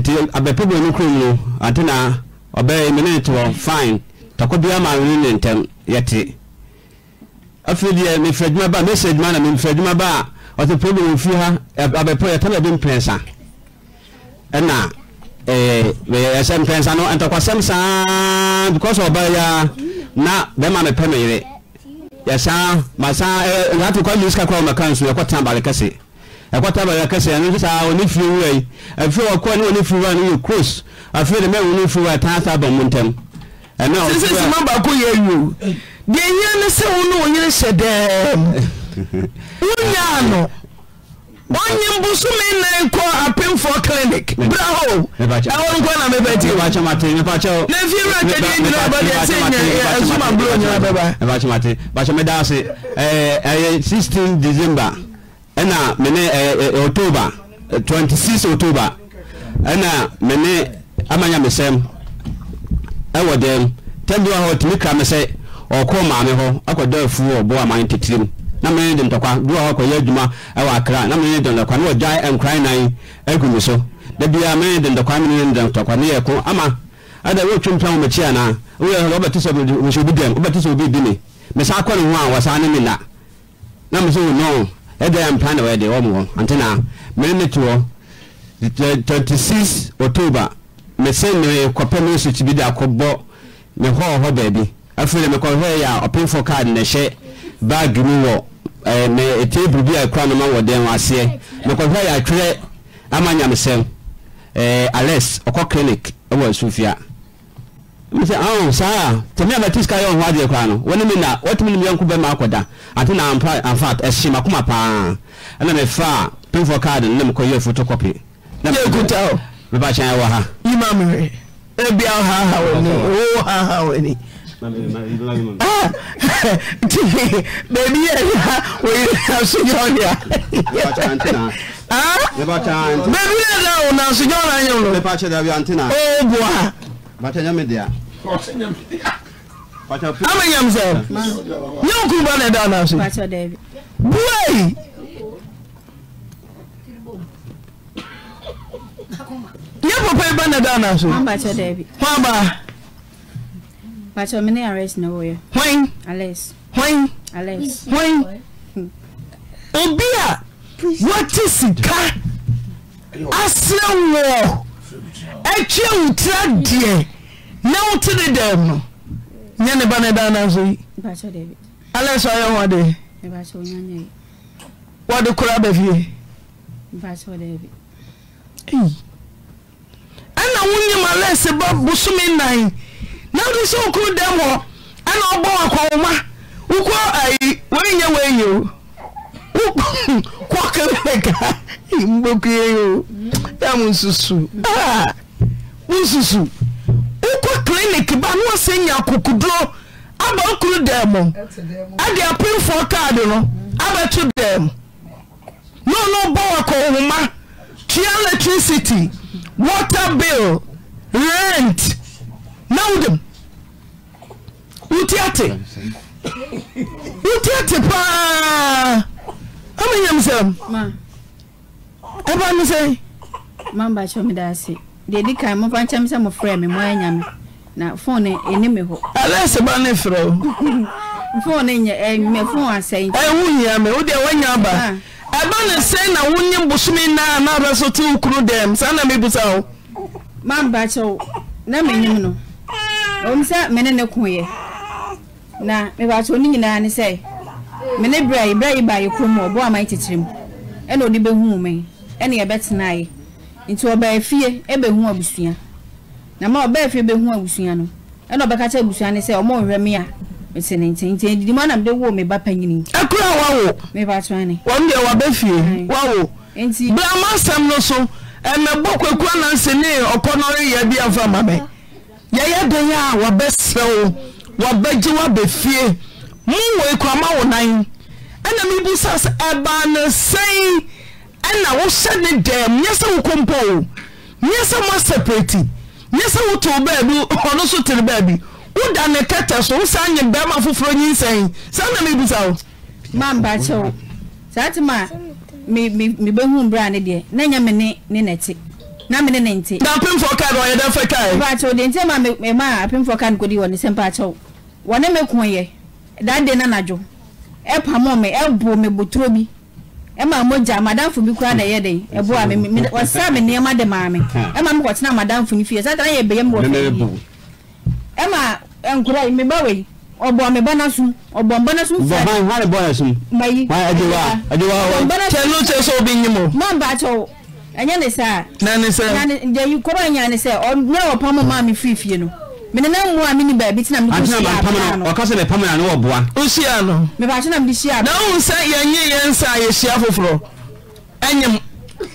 nti abɛpɛbɔ no kurom no ante na ɔbɛyɛ minute wɔ fine takɔ bia ma no ne ntɛm yɛte afei deɛ mefrɛ adwuma ba mɛsɛ adwuma na mefrɛ adwuma ba a ɔte problem ofie ha abɛpɛ yɛtɛ na bi mprɛnsa ɛna eh, yɛsɛ mprɛnsa no ntakwasɛm saa because ɔbɛyɛ na bɛma mepɛ me yere yɛsan masan eh, ɛɛ nhatokɔ nyɛ sika kora ɔmɛka nso yɛkɔtena balekɛse ɛkɔta bɛyɛ kɛsɛ ɛno saa ɔne firi wura yi afei ɔkɔ ne ɔne firi wura no yɛ cross afei ne mɛ ɔne firi wura taa saa bɛn mu ntɛm ɛna ɔfiri wura sisi ma baako yɛ ewu deɛ yɛn ne sɛ wɔn ne wɔn yɛn hyɛ dɛɛm wonyaa no wɔnye mbusumi nan kɔ apemfoɔ clinic braho ɛwɔ nkɔ na mebɛ ti wo na fi wura twɛdeɛ nyinaa bɔ deɛ sɛ nyɛ ɛzuma bulo nyinaa bɛba ɛyɛ sixteen december ɛna mene october twenty six october ɛna mene amanyamesɛm ɛwɔ dɛm tɛm bi wɔ hɔ tumi kra me sɛ ɔkɔ maame hɔ akɔdɔ afuo ɔbɔ aman titirim na mene de ntɔkwa bi wɔ hɔ akɔyɛ adwuma ɛwɔ akra na mene de ntɔkwa na ɔgya nkran nan agu mi so dabia mene de ntɔkwa mene de ntɔkwa ne yɛ ko ama ada wo twem pɛn wo mɛkyi anaa woyɛ wobɛte sɛ wobɛhyɛ obi dɛm wobɛte sɛ obi di me mesa kɔ ne ho a wɔsaa ne me la na mese wo nɔɔ ɛda mpa na wɔde wɔm hɔ antena mene ne to hɔ 26 october mese ne kɔpɛ me nsukyi bi de akɔbɔ ne hɔ hɔ baabi afei na mekɔhwɛ yɛ a ɔpenfo card na ɛhyɛ baag mu wɔ ɛɛ e, table bi a ɛkura no ma wɔ dan aseɛ mekɔhwɛ yɛ atwerɛ ama nyamesɛm ɛɛ alex ɔkɔ clinic ɛwɔ asufia mese aw saa tɛmɛ abɛti sika yɛ ɔho adeɛ koraa no wɔne me na wɔtumi ne meyɔnko bɛma akɔda ate na ampa amfa ɛhye makoma paa ɛna mefa pemfoɔ card no na mekɔyɛ photocopy yɛkuta o meba kyɛn ɛwɔ ha yima mere ebi aw ha ha wani owo ha ha wani nti beebi yɛ ya oyi asojɔ ɔnia beebi yɛ da o na asojɔ ɔna nyɛ o o bua ɔsɛ nyame de a ama nyam sɛ yɛnkuru ba na ɛda anaase buai yɛ papa yi ba na ɛda anaase hwan baa Pacho mene arrest na wo ye. Hwan? Alex. Hwan? Alex. Hwan? Obi a wate sika asrɛ wɔ ɛtwe wo tira deɛ na wote ne dɛm no nyɛ ne ba ne da anaso yi alɛ sɛ ɔyɛ ho de wɔde kora ba fie ɛna wonyim alɛse ba bosome nan na wode sɛ wokuru dɛm hɔ ɛna ɔbɔ wakɔwoma wokɔ ayi wɔnyɛ wɔanyɛ o kwaka meka mbokuye yo mm. ya munsusu ah, munsusu clinic ba ne wɔsɛ nya akokoduro aba okuru dan mu ɛde apemfoɔ kaade no abɛto dan mu na ɔno bɔ akɔnhoma tua electricity water bill rent na wodam wote ate wote ate paa ama nyam sɛm ɛba no sɛ mamba kyɛ me daase deɛ di kan mofa nkyɛm sɛ mofrɛ me moanyame na fone ɛne e, e me hɔ alɛsɛ ba ne frɛ o fone e nyɛ mɛ fone asɛn ɛwo hia me wodeɛ woanya aba ah. ɛba ne sɛn na wonye bosome naa na aba so te dɛm na na no sɛ ne na nyinaa ne sɛ yi yi ɔbɔ mu ɛna nti fie abusua na ma ɔbɛɛ fie bɛhu abusua no ɛna ɔbɛka kyɛ abusua no sɛ ɔmo nhwɛ me a mese ne nti nti didi mu anam de wo me ba panyini. ɛkura wawo meba tura ne. wɔn deɛ wabɛ fie wawo nti brahma asɛm no so ɛnna bɔ kwaku anansi ne ɔkɔ na ɔreyɛ bi afa ma bɛ yɛyɛ dan a wabɛ sɛw wabɛgye wabɛ fie mu wɔ ekurama wɔ nan ɛna mi bu sa ɛbaa ne sɛn ɛna wɔhyɛ ne dɛm nyɛ sɛ wokɔ mpɔ o nyɛ sɛ mo asɛpɛti. nye sɛ baabi ɔno so tere baabi woda ne kɛtɛ so wo nye barima foforɔ nyinsɛn saa na mebusa wo mampakyɛ wo saa te mebɛhu a ne deɛ na nyɛ mene ne na mene ne na ka no ɔyɛ dɛ fɛ kae ma ka wɔ ne sɛ mpakyɛw wɔne daa de na ɛpamɔ me ɛbo me boturo bi ɛma mogya madamfo bi koraa na ɛyɛ den ɛboa me ɔsa me nneɛma de maa me ɛma me kɔtena madamfo no fie sata na yɛ bɛyɛ me wɔ fie ɛma nkora yi meba wei ɔbɔ me bɔ n'asum ɔbɔ mbɔ n'asum fɛ bɔn hwari bɔ n'asum mayi adiwa adiwa wɔ kyɛ n'o tɛ so obi nyim o mɔ mba kyɛw ɛnyɛ ne sa na ne sɛ na ne kɔrɔ nyɛ ne sɛ ɔ nyɛ ɔpɔn mu maa mi firi fie no mene na mmoa mene baabi tena mede kɔsiaɔkasɛ bɛpamena ne wɔboa wohyia no mepaakyɛ na mede hyia na wohu sɛ yɛnye yɛ nsa a yɛhyia foforɔ ɛnyem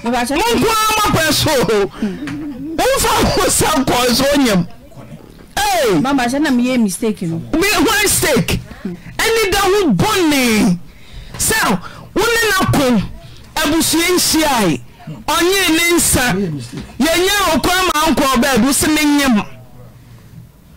monkoa mapɛ so womfa ho sa kɔe so onyam mamahyɛ na meyɛ mistake no meho mistake ɛne da ho bɔne sɛ wo ne na ko abusua nhyiae ɔnyee ne nsa yɛnyɛ okora ma ankɔ baabi wo se ne nyem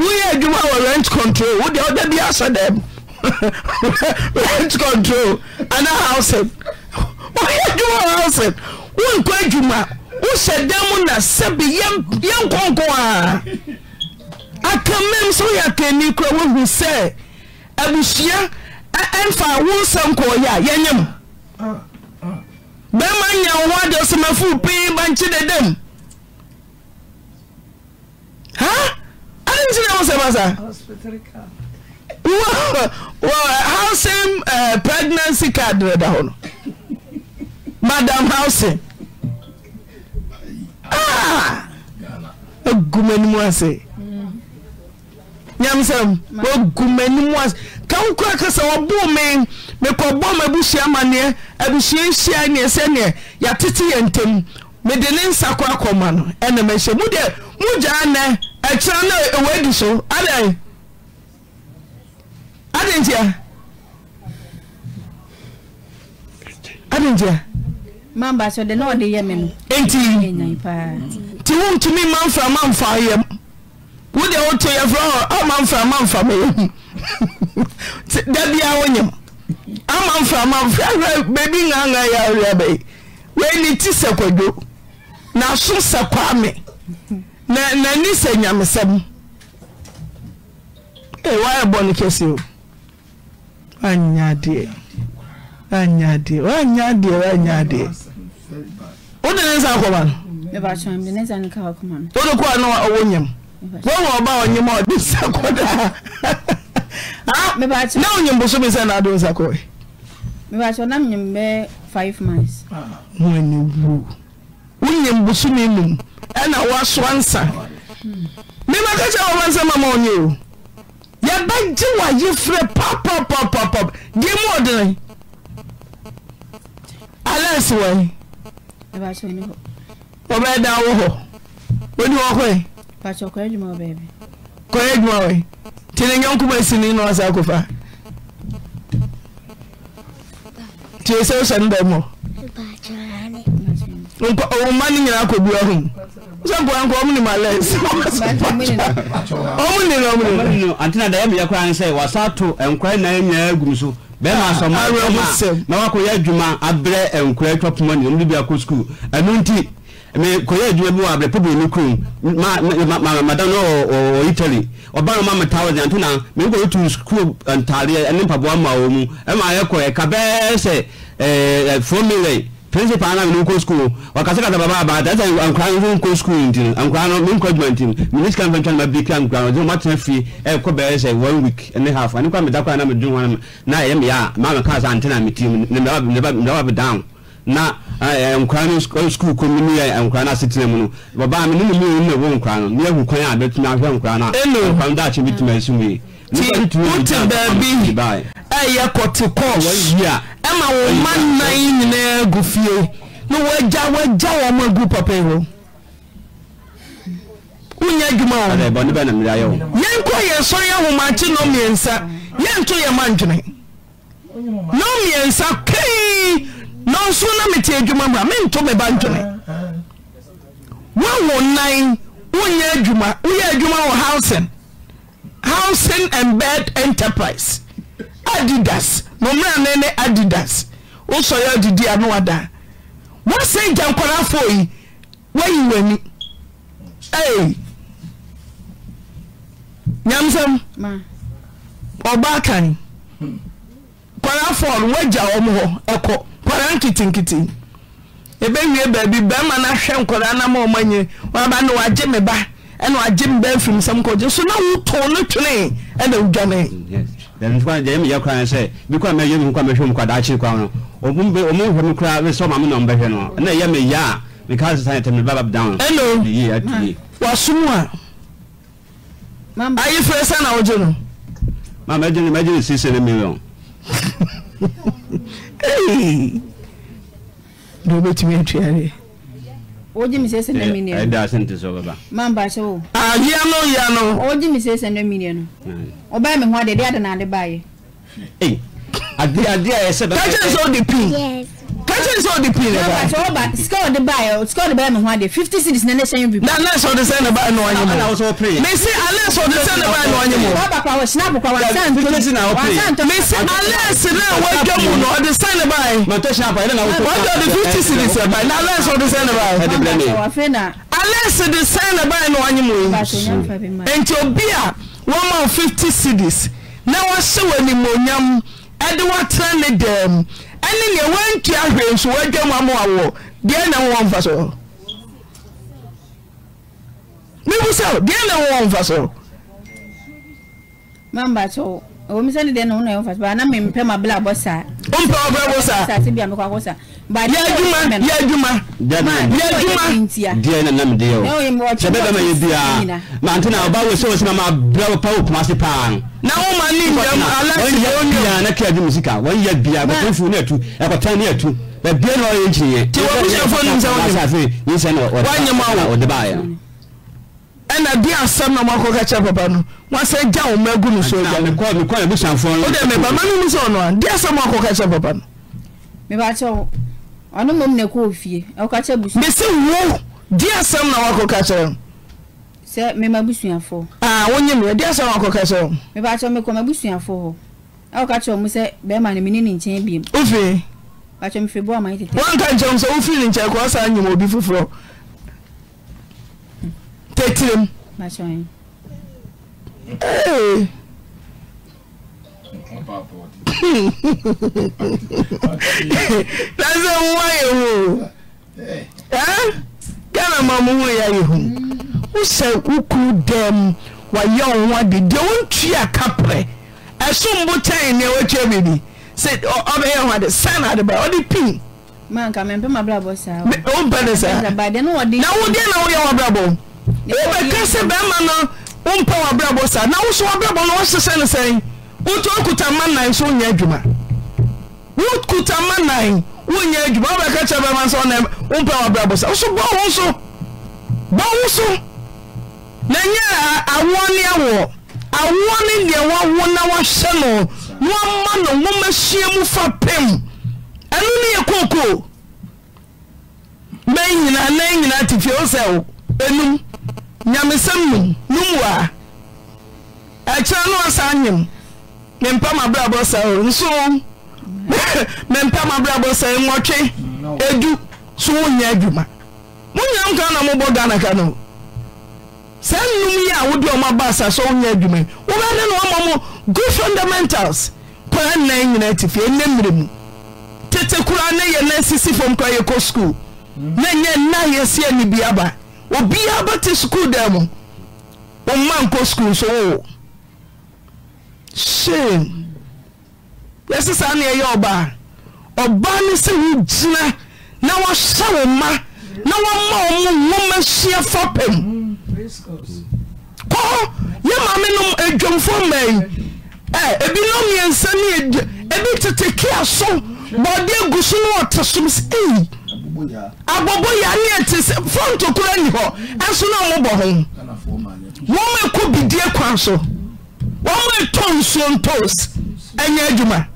woyɛ adwuma wɔ rent control wode ɔda bi asɛ dɛm rent control ana housing woyɛ adwuma wɔ housing wonkɔ adwuma wohyɛ dan mu na sɛbi yɛnkɔnkɔ a aka mmɛm so yɛ akani kora wohu sɛ abusua ɛmfa wo nsɛm kɔɔyɛ a yɛnyɛ mu bɛrima nya wo ho ade ɔsɛmafo pii bankye dedam ha huh? ɛnti na wosɛm asa housing uh, pregnancy card na da hɔ no madam housing ah agu m'anim ase nyamsɛm wagu m'anim ase ka wo kora ka sɛ wɔboo me mekɔbɔ ma abusua amanneɛ abusua hyia neɛ sɛneɛ yɛatete yɛ ntam mede ne nsa kɔ akɔma no ɛna mahyɛ mu deɛ mogyaa nɛ ɛkyerɛ na ɛwɔ adi so adan adan ntia mamba so de na ɔde yɛ me no enti nti wontumi mamfra mamfa yɛm wode woto yɛfrɛ hɔ amamfra mamfa meyɛm da biaa wonyam amamfra mamfra hwɛ baabi nganga yɛ awerɛ bɛyi wei ne ti sɛ kwadwo na so sɛ me n'ani sɛ nyamesɛm eh, wayɛ bɔne kɛsɛ o anyadeɛ anyadeɛ anyadeɛ anyadeɛ wode ne nsa akɔma no wode kɔa no ɔwɔ nyam wɔwɔ ɔba ɔnyem a ɔde nsa kɔdaa na onyim bosome sɛ na ade nsa kɔɛ wonyim bosome num ɛna wasoa nsa mema ka kyɛ wɔma nsɛm ama ɔnyɛ o yɛbɛgye wayefrɛ papapapapap deɛ mu ɔdene alɛs wɔe wɔbɛyɛ da wo hɔ wɔni wɔ hɔe kɔyɛ adwuma wɔe nti ne nyɔnko ma asini na ɔsa akɔfa nti ɛsɛ wosɛ no bɛmmɔ omani nyinaa kɔbu ahom sɛ nkorankora ɔmo ne malɛs ɔmo ne no ɔmnenantena da yɛmeyɛ koraa ne sɛ wasa ato nkora nyinaa nyinaa agum so bɛma ah, asɔma na wakɔyɛ adwuma abrɛ nkora atwa poma ne ɔmde bi akɔ skul ɛno nti mekɔyɛ adwuma bi wɔ abrɛ pɛbɔ ne kurom madam no wɔ italy ɔba no mama thousand ante na mekɔ yɛtu skul ntareɛ ne mpaboa ma wɔ mu ɛma yɛkɔ ɛka bɛɛ sɛ eh, eh, fo million principal na mene nkɔ school wakasakasa baba abaata ɛsɛ nkura no nkɔ school nti no nkura no me nkɔ adwuma nti no mene sika mfɛntwa no ma bi kra nkura no ɔdze matena fie ɛkɔ bɛyɛ sɛ one week ne half ɛne kora meda kora na medwe ho na ɛyɛ meyɛ a maa mekaa sɛ antena metim mdaba bedan na eh, eh, nkura no school kɔ mu ne yɛ eh, nkura no asetena mu no baba mene ne meyɛ ne wɔ nkura no ne yɛhu kwan a bɛtumi ahwɛ nkura no a nkura ti wote baabi ɛyɛ kɔte kɔɔs ɛma wo ma nnan nyinaa gu fie na wagya wagya wɔn agu papa yi hɔ wonyɛ adwuma o yɛnkɔ yɛ sɔre ahomakye no mmiɛnsa yɛnto yɛ ma ntwene no mmiɛnsa kei na nso na mete adwuma mu a mento me ba ntwene woawo nan wonyɛ adwuma woyɛ adwuma wɔ housen housing and bed enterprise adidas mọmọra ne ne adidas wosọ yẹ ọdidi ano ada wọn sẹ afọ yi wọnyi wọnyi ee nyamsam ọbaa kan kwalafo wọgya wọn hɔ ɛkɔ kwara nkitikiti ebe wie baabi bɛrima n'ahwɛ nkwadaa nam ọmọ anyi wọn aba ne wagye ne ba. ɛna agye mu bɛɛ firi nsɛm kɔgye so na wotɔn no twene ɛna odwane. dɛmfukwa deɛ yɛ kura sɛ bi kura mɛ yɛ mi kura mɛ hwɛ mu kura daakye kura no ɔmu bɛ ɔmu hwɛ mu kura bɛ sɛ ɔmu na ɔmu bɛ hwɛ no ɛna yɛ mi yɛ a mi ka sisan yɛ tɛmɛ baba down. ɛnno yie atu yie. wasom a. ayi fɛ sɛ na ɔgye no. maa mɛ gye no mɛ gye no sisi ne million. ee na o bɛ tumi atu yare oji mi sese na eh, mini ɛnu ɛda eh, asente so baba man ba se o. ahia no ya no. oji mi sese eh. na mini ɛnu ɔbɛn mi ho adi ɛdi adi na adi ba yɛ. ee adi adi a yɛ sɛ. kakyɛ sɛ o di pin. yes kẹ́kẹ́ ní sọ ọ́ di pin ní báyìí. ọba sika ọ̀dẹ báyìí sika ọ̀dẹ báyìí mi hàn dé fifty cities ní ẹnẹ́sẹ̀ yẹn bí. na nurse ọ̀dẹ sẹ́yìn ní báyìí ní wọ́n yé mu. mi sí alẹ́sì ọ̀dẹ sẹ́yìn ní báyìí ní wọ́n yé mu. ọba pa wọ sinapu pa wọn sẹ́yìn tó ní. mi sí alẹ́sì náà wọ́n jẹ́ mu nù ọ̀dẹ sẹ́yìn ní báyìí. ọ̀dẹ ọ̀dẹ fifty cities ẹ̀ báyìí ní alẹ́sì ọ̀dẹ sẹ́yìn ní báyìí. alẹ́sì ọ̀dẹ sẹ́yìn ní báyìí ní wọ́n yé mu yìí. nti obi a wọ́n mọ̀ fifty cities náà wọ́n ṣe wọ ɛne nea wantu ahwɛ nso wadwa mu ama awɔ deɛ na wɔn mfa so mebusa deɛ na wɔn mfa so. mambato omi sani de nuhu na yɛn fasa ana mi mpɛ ma bila bɔ sa. o mpɛ ma bila bɔ sa. sasi bi a mi kɔ akɔ sa. yɛ juma yɛ juma yɛ juma diɛ na nam diɛ o sɛbɛ bɛ ma ye biya mɛ an tɛna o b'a wosɛ wosɛ ma ma bila o pa o kuma se paa. na o ma ni ɲamu ala ti o ɲɛ. wɔn yɛ biya ne kɛ bi misi kan wɔn yɛ biya ko fɛn funu yɛ tu ɛkɔ tɛn ne yɛ tu mɛ biya n'o ye n tiɲɛ. tiwɔ bisɛ fɔ nimisɛnw de. wa ɲɛmaaw o de b'a ye. ɛna di asɛm na moakɔ ka papa no wasɛ gya wo ma gu no so agya meba ma no mu sɛ ɔno a di asɛm moakɔ ka papa no mesɛ wo di asɛm na woakɔ ka kyerɛ no wonye mmerɛ di asɛm woakɔ ka kyerɛ wofii wanka nkyɛm sɛ wofiri ne nkyɛn kɔ ɔsa nyim obi foforɔ tetirim lase nwa yɛ wo ghana ma mo ho yɛ ayɛ ho wosɛ wo kuru dɛm wayɛ wo ho ade deɛ wontua kaprɛ ɛsom botan nea watua biribi sɛ ɔbɛyɛ ho ade san ade ba ɔde pin manka mempɛ mabrabɔ saa wompɛ ne saa na wodeɛ na woyɛ wabrabɔ wobɛka sɛ bɛima no wompɛ w'abrabɔ saa na woso no sɛn ma nan so adwuma wokuta ma nan adwuma wobɛka sɛ wompɛ saa woso bɔ wo so bɔ wo so na awoɔ ne awoɔ awoɔ ne deɛ woawo na no na no mu fa pem ɛno ne yɛ te fie wo sɛ nyamesɛm num numu a ɛkyerɛ no ɔsa nyem mempa mabrabɔ sɛ o nso mempa mabrabɔ sɛ nwɔtwe edu so wonyɛ adwuma monyɛ nkwa na mobɔ ghana ka no saa nnum yi a wode ɔma ba asa so wonyɛ adwuma yi wobɛde na mo good fundamentals kora nnan nyinaa ti fie ɛnɛ mmerɛ mu tete koraa ne yɛ na sisi fam koraa yɛkɔ school mm. na nyɛ nna yɛsi ani obiara bɛte sukuu dan mu ɔmma nkɔ sukuu so wo shame yɛsi saa na ɛyɛ ɔbaa ɔbaa ne sɛ wogyina na wahyɛ wo ma na wama ɔmo nwoma hyia fapem kɔɔ yɛ maame nom adwamfo mmaa yi ɛ e, ebi nom mmiɛnsa ne ebi tete kia so bɔɔde egu so na ɔte so sɛ ee. Aboboya yare yɛ te sɛ fonto kora nni hɔ ɛnso na mobɔ ho wɔma ɛkɔ bidie kwan so wɔma ɛtɔ nsuo ntos ɛnyɛ adwuma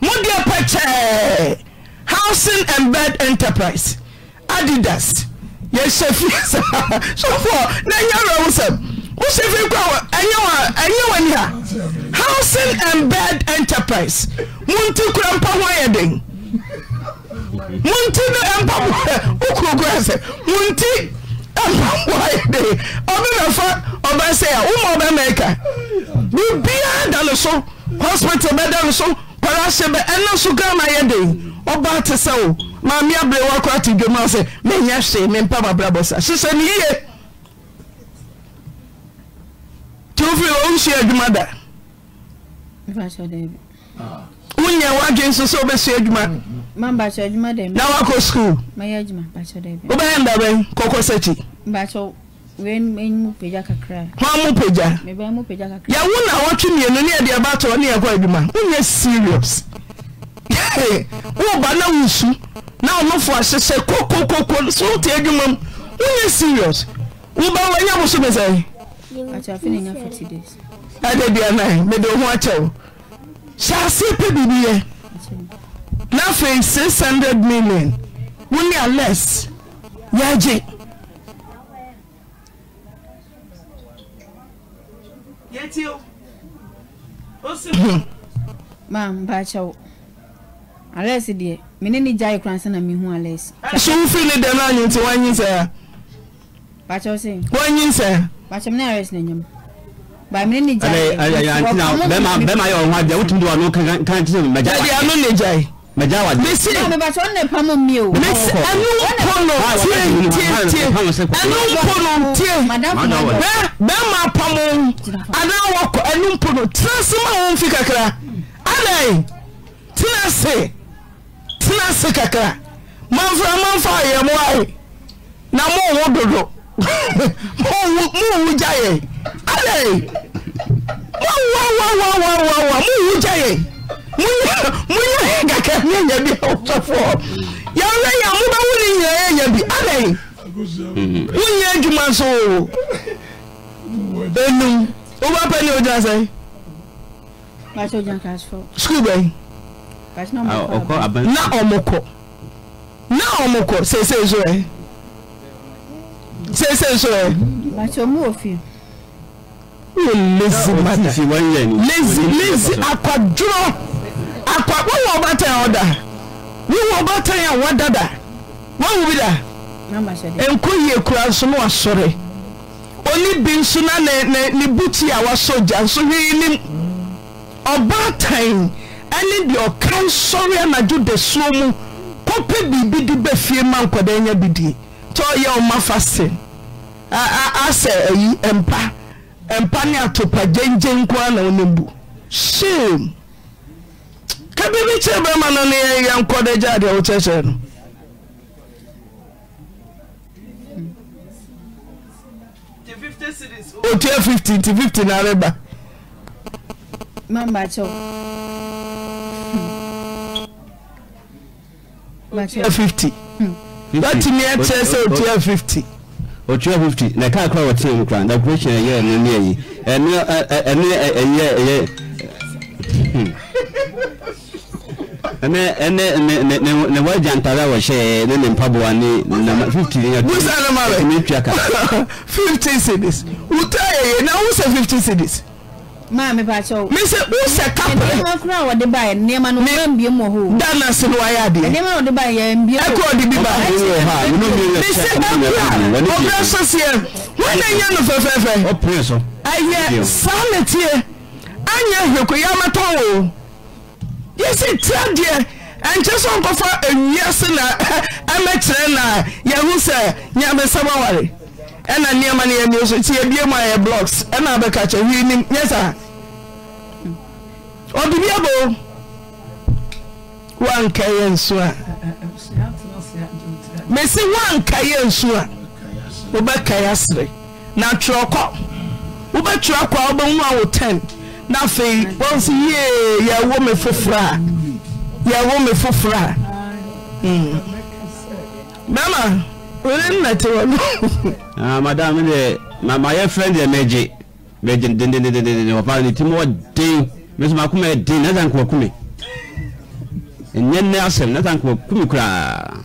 modeɛ pɛkyɛɛ housing and bed enterprise adidas yɛhyɛ fie saa sɔfoɔ na ɛnyɛ werɛ wo sɛm wohyɛ fie kora ɛnyɛ w'ani ha housing and bed enterprise mo nti kora mpa ho ayɛ munti ne mpaboa okoko ɛsɛ munti mpaboa yɛ de ɔbɛ na fa ɔbɛ sɛ ya wɔn ɔbɛ mɛka biribiara da ne so hospital bɛ da ne so parase bɛ ɛna so ghana yɛ de ɔbaa te sɛ o maame abere wakɔ ati dwom ase menya se me mpa mabrabɔ sa hyehyɛ ne yie tí o fi ɔnhyia adwuma da wonyɛ wadwe nso sɛ wobɛsua adwuma. Mm -hmm mbakyɛ adwuma dɛ na wakɔ sukuu mɛyɛ adwuma mbakyɛ dɛ wobɛyɛ ndabɛn kɔkɔ sɛkyi mbakyɛ mu pagya kakra hɔn mu pagya mebɛn mu pagya kakra yɛwo na wɔtwe mmienu ne yɛde ɛba tɔ ne yɛkɔ adwuma wonyɛ serious woba na wusu na ɔnofo ahyehyɛ kokokoko so wote adwuma mu wonyɛ serious woba wɔnyɛ mo so mesɛe ɛdɛ deɛ nan mede wo ho akyɛw hyɛ ase pɛ biribi yɛ na six hundred million wone alex yɛagye maa mpakyɛ wo alex deɛ mene ne gyae kora sɛ na mehu alex so wofiri ne dɛm anyi nti woanyi sɛ a pakyɛ wo sɛ woanyi sɛ pakyɛ mene alex na nyam bàmí ni jà yìí. bẹẹ ma yọ ọhún adìyẹ wọ́n ti mú wa ní kankan tí sèmi mẹjà wa. ẹ̀dí àánú ni jà yìí mẹjá wa di. bisi mẹbàtí ọ̀nà ìpamọ́ mi o. bisi ẹnu polo tie tie tie ẹnu polo tie bẹ́ẹ̀ máa pamọ́ anáwọ̀ ẹnu polo tẹ́lẹ̀sì máa wọ́n fi kakra adayi tẹ́lẹ̀sì tẹ́lẹ̀sì kakra manfa manfa ayẹmọ ayẹ na mo wọ dodo mo wu jayẹ adayi mo wọ wọ wọ wọ wọ mo wu jayẹ munyɛ kakɛ nyɛnyɛ bi ɔsɔfoɔ yɛwɛ yɛ mobɛwo wuli nyina yɛnyɛ bi adɛn wonyɛ adwuma so o ɛnum wobɛpɛ ne ogyina sɛ sukuu bɛn na ɔmokɔ na ɔmokɔ seesei so ɛ seesei so ɛ lazy mother lazy lazy akwadworɔ akwa wọ́wọ́ ọba tẹ̀ ọ́ da wíwọ́ ọba tẹ̀ yà dada wọ́n wù mí da nkó yie kura nso na wasọ̀rẹ̀ oní bi nso na ne ne ne buti a wasọ̀ gya nso hwee nim ọba tẹ̀ ɛne deɛ ɔka nsɔre anadwo dasuo mu kɔpɛ biribi de bɛ fie ma nkɔdaa nya bi die tɛ ɔyɛ ɔma fasin a a asɛ ayi mpa mpa ne atopa gyengyen koraa na ɔnam bu shame. ka biribi nani bɛrima no ne yɛnkɔ da O deɛ wokyerɛkyerɛ no otua 50 nti 50 na reba mambakyɛw otua 50 watumi akyerɛ sɛ otua O otua fifty na kaa kora wɔtena mu kora na operation ɛyɛ ɛno ne ayi ɛno ɛyɛ ɛyɛ ɛnɛ ɛnɛ ɛnɛ ɛnɛ ɛnɛ wɔyɛ jantara wɔhyɛ ɛnɛ ne mpaboa ne nama fifty ne yɛ tu busa ne ma bɛ ɛnɛ tua ka fifty cedis wuta yɛ yɛ na wusa fifty cedis. maame pàṣẹ o. mi sẹ o sẹ kapa. nneɛma kura a wɔde ba yɛ nneɛma no wɔn mbie mu wɔ hɔ. dana sinu ayé adeɛ. nneɛma wɔde ba yɛ mbie mu. ɛkɔ ɔde bi ba. mi sẹ ɛkura ɔbɛ sɔsiɛ wɔn na nye no fɛfɛɛfɛ. ɛyɛ sáà netiɛ anyɛ hwekɔ yamatɔn o. yɛsi tra deɛ nkye so mpɔfo wiase na ɛmɛkyerɛ na yɛhu sɛ nyamsaba ware ɛna nnoɛma n ɛstyimu ayɛ blocs ɛnabɛkakn ɛs ɔdebiab woankayɛ ns a mesi woankayɛ ns a wobɛkaɛ aserɛ na terɛk wobɛrɛ k a woɛwuawo 0 na afei wɔn nso yie yɛwɔ me foforɔ a yɛwɔ me foforɔ a hmm. Mama, wɔn nna te wɔn. ah madam mi deɛ ma ma yɛ friend deɛ mɛgye mɛgye dendendendenden papa ne ti mu wɔ den mɛ sɔ ma kuma yɛ den na zan kuma kume nyɛ nɛ asɛm na zan kuma kume koraa.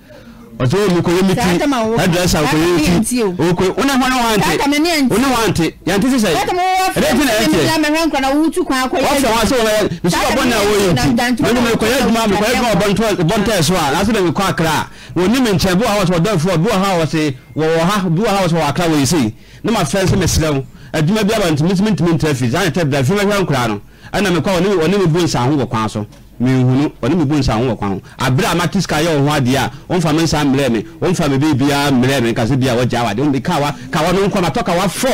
ɔtɛ wɔn mu kɔyɛ mi ti ɛdrɛsa kɔyɛ ti okɔ wone hɔn wante wone wante yante sisa yi ɛdɛ ti na ɛtɛ wɔfɛ wɔn ase wɔn yɛ nsu ɔbɔ na wɔyɛ oku wɔn mu kɔyɛ mi kɔyɛ adwuma bɔntɛ so a n'asɛ dɛm kɔ akra wɔn ni mi nkyɛn bi wɔ ha wɔsɛ ɔdɔnfo bi wɔ ha wɔsɛ wɔwɔ ha bi wɔ ha wɔsɛ wɔ akra wɔ esi ne ma fɛn sɛ mɛ srɛw adwuma bi aba ntumi ntumi ntumi ntumi fi zan tɛ bila fi mɛ hwɛ nkura no ɛna mɛ kɔ wɔne mi bu nsa ho wɔ kwan mehunu ɔne mebu nsa ho wɔ kwan ho aberɛ a mate sika yɛ wo ho adeɛ a ɔmfa me nsa mmerɛ me ɔmfa me biribiaa mmerɛ me nka sɛ bia wɔgya wade kawa kawa no nkɔ matɔ wa fɔ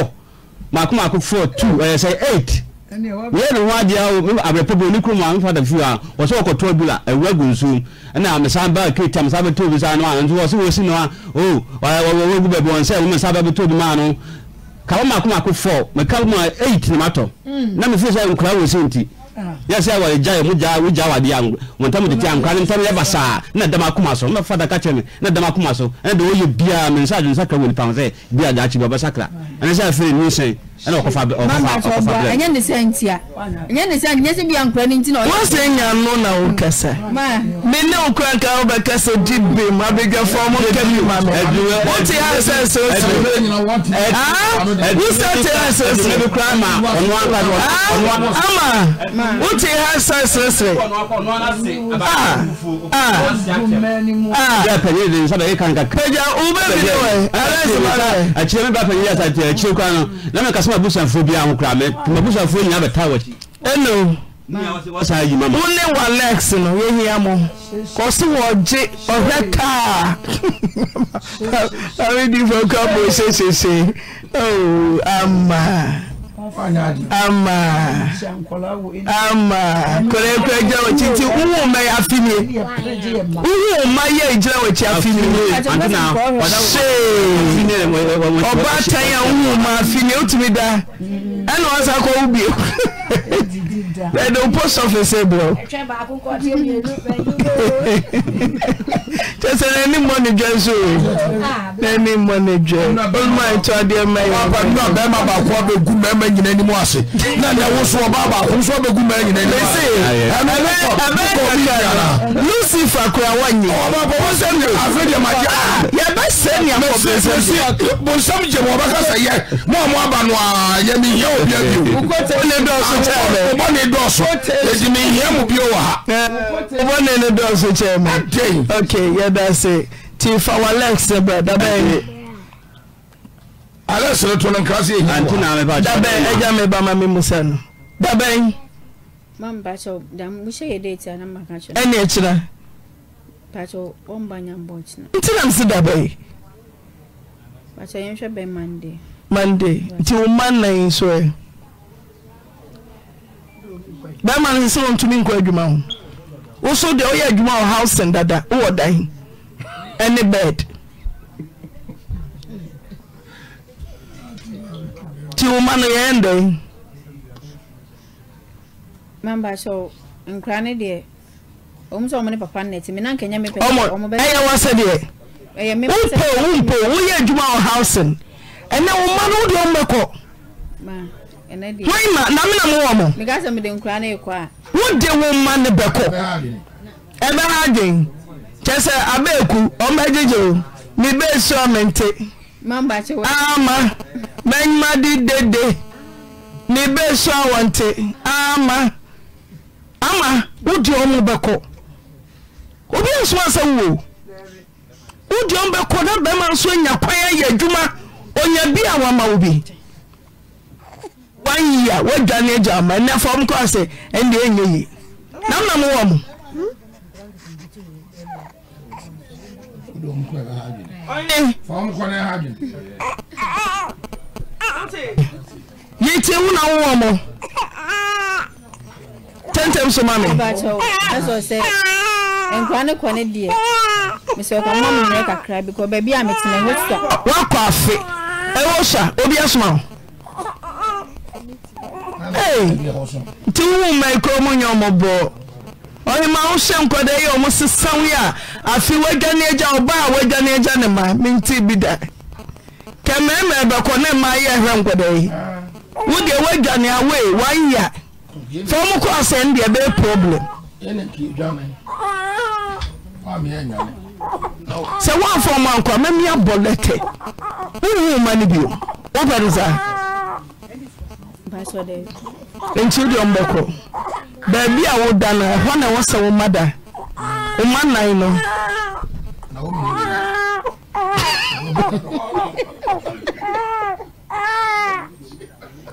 maako maako fɔ two ɛyɛ sɛ eight wọ́n yẹ wọ́n adi awo abirapẹ̀bẹ̀ oníkùrùmù àwọn fada fi wa wọ́n sọ wọ́n kọ̀ tó bula ẹ̀wúrẹ́ gùn sùn ẹ̀nà àmìsàn bá kéèta àmìsàn bẹ tóbi sànù àwọn ẹ̀ntì wọ́n sì wọ́n sì nù wa o oh, wọ́n wọ́n gu bẹ̀bẹ̀ wọ́n sẹ́ ẹ̀wọ́n àmìsàn bẹ tóbi máa nù kàwọn mako mako fọ mẹka mu eight ni ma tọ mm. náà mi fi sọ nkura wọ sí ntì yɛsɛ wɔregya mu gya wogya wade a wɔ ntam tete ankora ne ntam yɛba saa na dam akoma so na fada ka kyerɛ me na dam akoma so ɛne de wɔyɛ biaa mensa adwene sakra wɔ nipa ho sɛ bia daakye bi ɔbɛsakra ɛne sɛ afei ne nsɛn ɛna ɔkɔfa bɛ ɔkɔfa ɔkɔfa bɛ. ɛnyɛ ne ntia ɛnyɛ ne sɛ nyɛ sɛ bi ankura ne nti na ɔyɛ. wọ́n sɛ nya no na o kɛsɛ. mi ní o kura kan o bɛ di bi mu abidjan fɔ ɔmu kɛ bi ma mɛ. o ti yà sɛ sɛ o ti. wusa ti yà sɛ sɛ. ebi kura ma ɔnu ala ni ɔnu ala. ama o ti yà sɛ sɛ sɛ. ya pɛnyin de nsaba e kan ka. pɛja o bɛ bi de wɛ. ala ye sɛ ba la. a tiɲɛ mi ba pɛnyin yasa tiɲɛ tiɲɛ kan na n'a ma kasi sɛ mabusuafoɔ bi aho kora mabusuafoɔ nyinaa bɛtaa wakyi ɛno wo ne walex no yɛhia mo kɔ so wɔgye ɔhwɛ kaa amedifo ka sesese ama ama ama kore kore gyina wɔ akyi nti wowu ma yɛ afi nie wowu ma yɛ gyina wɔ akyi afi nie see ɔbaatan a wowu ma afi nie wotumi da ɛna ɔsan kɔ wo bio bẹẹni post office ebiro kyesẹ n'ani mọ ni jẹ nso n'ani mọ ni jẹ olùmọ ètò ọdí ẹmẹ yìí. wọn pẹlú náà bẹẹma baako a bẹ gu mẹẹma nyina ẹni mu ase náà ní ẹwọ sọ ọba baako nso a bẹ gu mẹẹma nyina ẹni mu ase ẹnu kọ kọ mi yàrá. lucifer kura wọn yìí. ọba bọ wọn sẹ ní àfẹ jẹ ma jẹ. yẹ bẹ sẹ ní àpò bẹsẹ. bọnsẹm jẹ wọn bẹ kásá yẹ mọ àwọn abanu àyẹmí yẹ òbí ẹbí o. o lè dọ̀ ọ̀sùn tẹ́ ẹ. dɔɔso yɛdi mi mu bio wɔ ha. Eh. bɔne ne dɔɔso kyɛn mu ok da se ti fa wa lex sɛbɛ dabɛ yi. alex reto ne nkira se yɛ hin wa dabɛ ɛgya mi ba ma mi musa no dabɛ yi. ɛni ɛkyerɛ. na msi dabɛ yi. nti so bɛrima no sɛ wɔntumi nkɔ adwuma ho wo so deɛ woyɛ adwuma wɔ housing dada wowɔ dan ɛne bed nti wo ma no yɛyɛ ndɛn mamba sɛ nkra ne deɛ ɔm sɛ ɔmo ne papa no nɛti mena nkɛnyɛ mepɛ ɔmo ɛyɛ wɔ sɛ deɛ wompo wompo woyɛ adwuma wɔ housing ɛnɛ wo ma no wode ɔmbɛkɔ na na ọmụ mowɔ mɔ wode wo ma ne bɛkɔ ɛbɛha adwen kyɛ sɛ abɛɛku ɔmbɛgyegye o ama bɛnyima de dede ne bɛɛsi ɔwɔnte ama ama wode ɔmo bɛkɔ obi nso asɛ wo wode bɛkɔ na bɛma nso kwan ayɛ adwuma ɔnya bi a wama wo one year wadwane agya ama ɛnɛ fɔm kɔ ndị ɛnde ɛnyɛ na mna mo wɔ mo na wowɔ mo tɛntɛm so ma me nkwa ne kɔ ne deɛ mesɛ ɔka mma kakra bi kɔ baabi a metena sa afe ɛwɔ sa obi asoma nti wowu ma kuro mu nyɛ ɔmɔborɔ ɔnema wohyɛ nkɔda yɛ ɔmo sesaw yi a afei woadwane agya ɔba a agya ne ma oh. e menti e bi da kɛ ɛbɛkɔ ne mma yɛ hwɛ nkɔda yi wodeɛ woadwane awei wayɛ fa ɔmo kɔ ndị deɛ e problem sɛ woamfa ɔmo lɛtɛ ma no bio saa nti wode ɔmbɔkɔ baabi a woda no ɛhɔ na ɛwɔ sɛ wo ma da wo ma nan no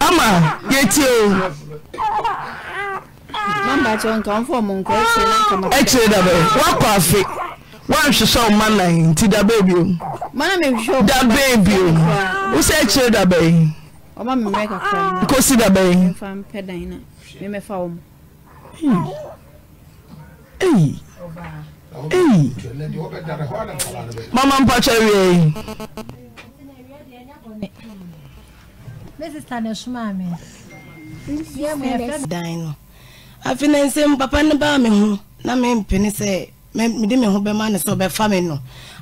ama yɛtie akyire da bɛ woakɔ afe woanhwe sɛ wo ma nti da bɛɛ bio da bɛɛ bio wo sɛ akyire da ọma mmemme kakra na kosi daba yi mfa mpɛ dan na mmemme fa wɔn. eyi eyi mama mpacha wie yi. ne sista na suma mi dan no afi papa ne ba mi ho na mi mpini sɛ mede me ho bɛma ne sɛ ɔbɛfa me no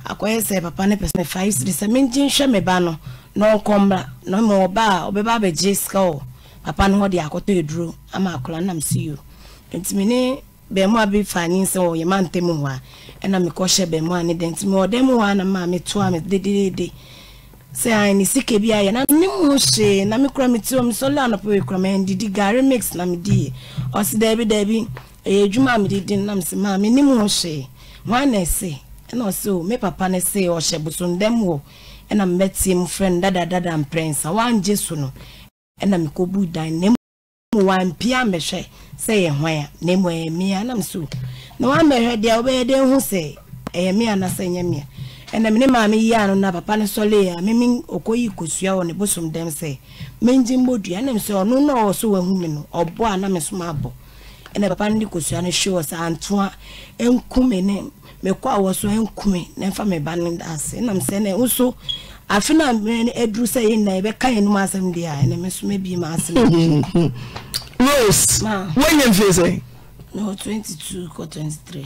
akɔyɛ sɛ papa ne pɛ sɛ mefa yi siri sɛ mengye nhwɛ me ba no na ɔnkɔ mmra na ɔmo ɔbaa ɔbɛba sika wɔ papa no hɔ de akɔtɔ eduro ama akɔla nam si yio ntumi ne bɛɛmoa bi fa anyi nsɛm wɔ yɛma ntɛm hɔ a ɛna mekɔ hyɛ bɛɛmoa ne dɛ ntumi ɔdɛm hɔ a na maa mi to a mi dedeede sɛ ayi ne sika bi ayɛ na ne mu hyee na mi kura mi ti wɔ mi sɔlɔ anɔpɔ yɛ kura ndidi gari mix na mi di yɛ ɔsi dɛbi dɛbi ɛyɛ edwuma a mi di di nam si maa ne mu hyee wɔn ana ɛsɛ ɛna ɔsi o me papa ne se ɔhyɛ bosom dɛm wɔ. ɛna mmɛtie mu frɛ no dadadada mprɛnsa wangye so no ɛna mekɔbu dan na mu wampia mmɛhwɛ sɛ yɛ hwan a na mu ɛyɛ mmea nam so No wammɛhwɛ deɛ wobɛyɛ den ho sɛ ɛyɛ mmea na sɛ nyɛ mmea ɛna mene maame yi ano na papa no sɔle a meme ɔkɔyi kosua wɔ ne bosom dɛm sɛ mengye mbɔ dua nam sɛ ɔno na ɔwɔ so wahu me no ɔbɔ a na me so mabɔ ɛna papa no de kosua show hwe wɔ sɛ antoa ɛnkume mekɔ a wɔso nkume na mfa me ba no da ase nam sɛ na nso afe na aduru sɛ yɛ nyinaa yɛbɛka yɛn nom asɛm deɛ a ɛna me nso mɛbi ma asɛm rose woanya mfie sɛ no 22 kɔ 23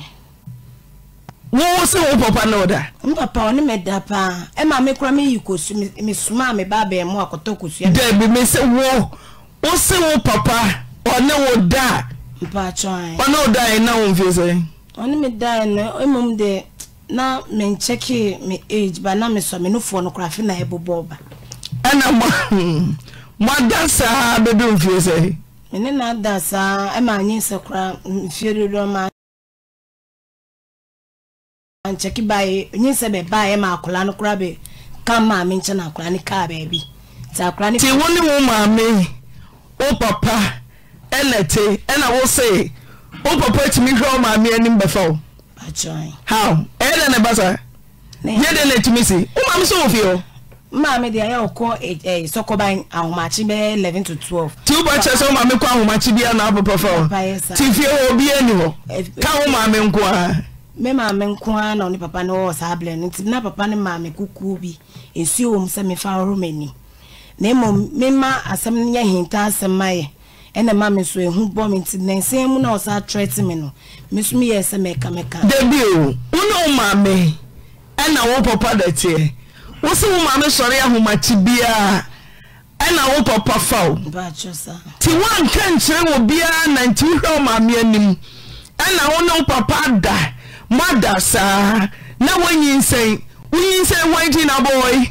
wọ́n wọ́n sẹ́ wọ́n papa náà da. n papa ọ mi da paa ẹ maa mi kura mi yi kosu mi suma mi ba bẹ̀rẹ̀ mu akọtọ kosu. dẹbi mi sẹ wọ wọ́n sẹ́ wọ́n papa ọ ní da. mpatsọ ẹ. ọ da yẹn náà wọ́n fi ɔne me daa no mmom deɛ na menkyɛke me age ba na mesɔ me nofoɔ no korafe na ɛbobɔ ba ɛna moada saa bɛbi mfie sɛ mene na ada saa ɛma anye sɛ kora mfie ma nkyɛke baɛ nye sɛ bɛbaɛ ma akora no kora bɛ ka maame nkyɛ no akora ne kaa baabi nti akora ne wo ne wo maame wo papa ɛna wo se o papa tumi hwɛ o maame anim bɛfa o. how ɛyɛ dɛ ne ba sa yɛ dɛ ne tumi si o maame sɛ o fi o. maame de ayɛ ɔkɔ sɔkɔban ahomakye bɛyɛ eleven to twelve. tí o bá kyerɛ sɛ o maame kɔ ahomakye bi ana apapa fa o ti fie wɔ obi ani hɔ ka o maame nko ara. me maame nko ara na ɔne papa ne wɔwɔ saa abirɛ no nti na papa ne maame kuku bi nsuo o mu sɛ mefa ɔrɔ m'ani na mmom mema asɛm yɛ hinta asɛm ayɛ ɛna ma mi so ehu bɔ mi nti nansan mu na ɔsan atrɛte mi no mi so mi yɛ sɛ mɛka mɛka. debi o wúni o maame ɛna wo papa dɛteɛ wosi wo maame sɔre ahomakyi biara ɛna wo papa faw ti wanka nkyerɛ wɔ biara na nti wohwɛ wo maame anim ɛna wo ne wo papa da mo ada saa na wonyinsɛn wonyinsɛn wɔn akyi na bɔ wɔyi.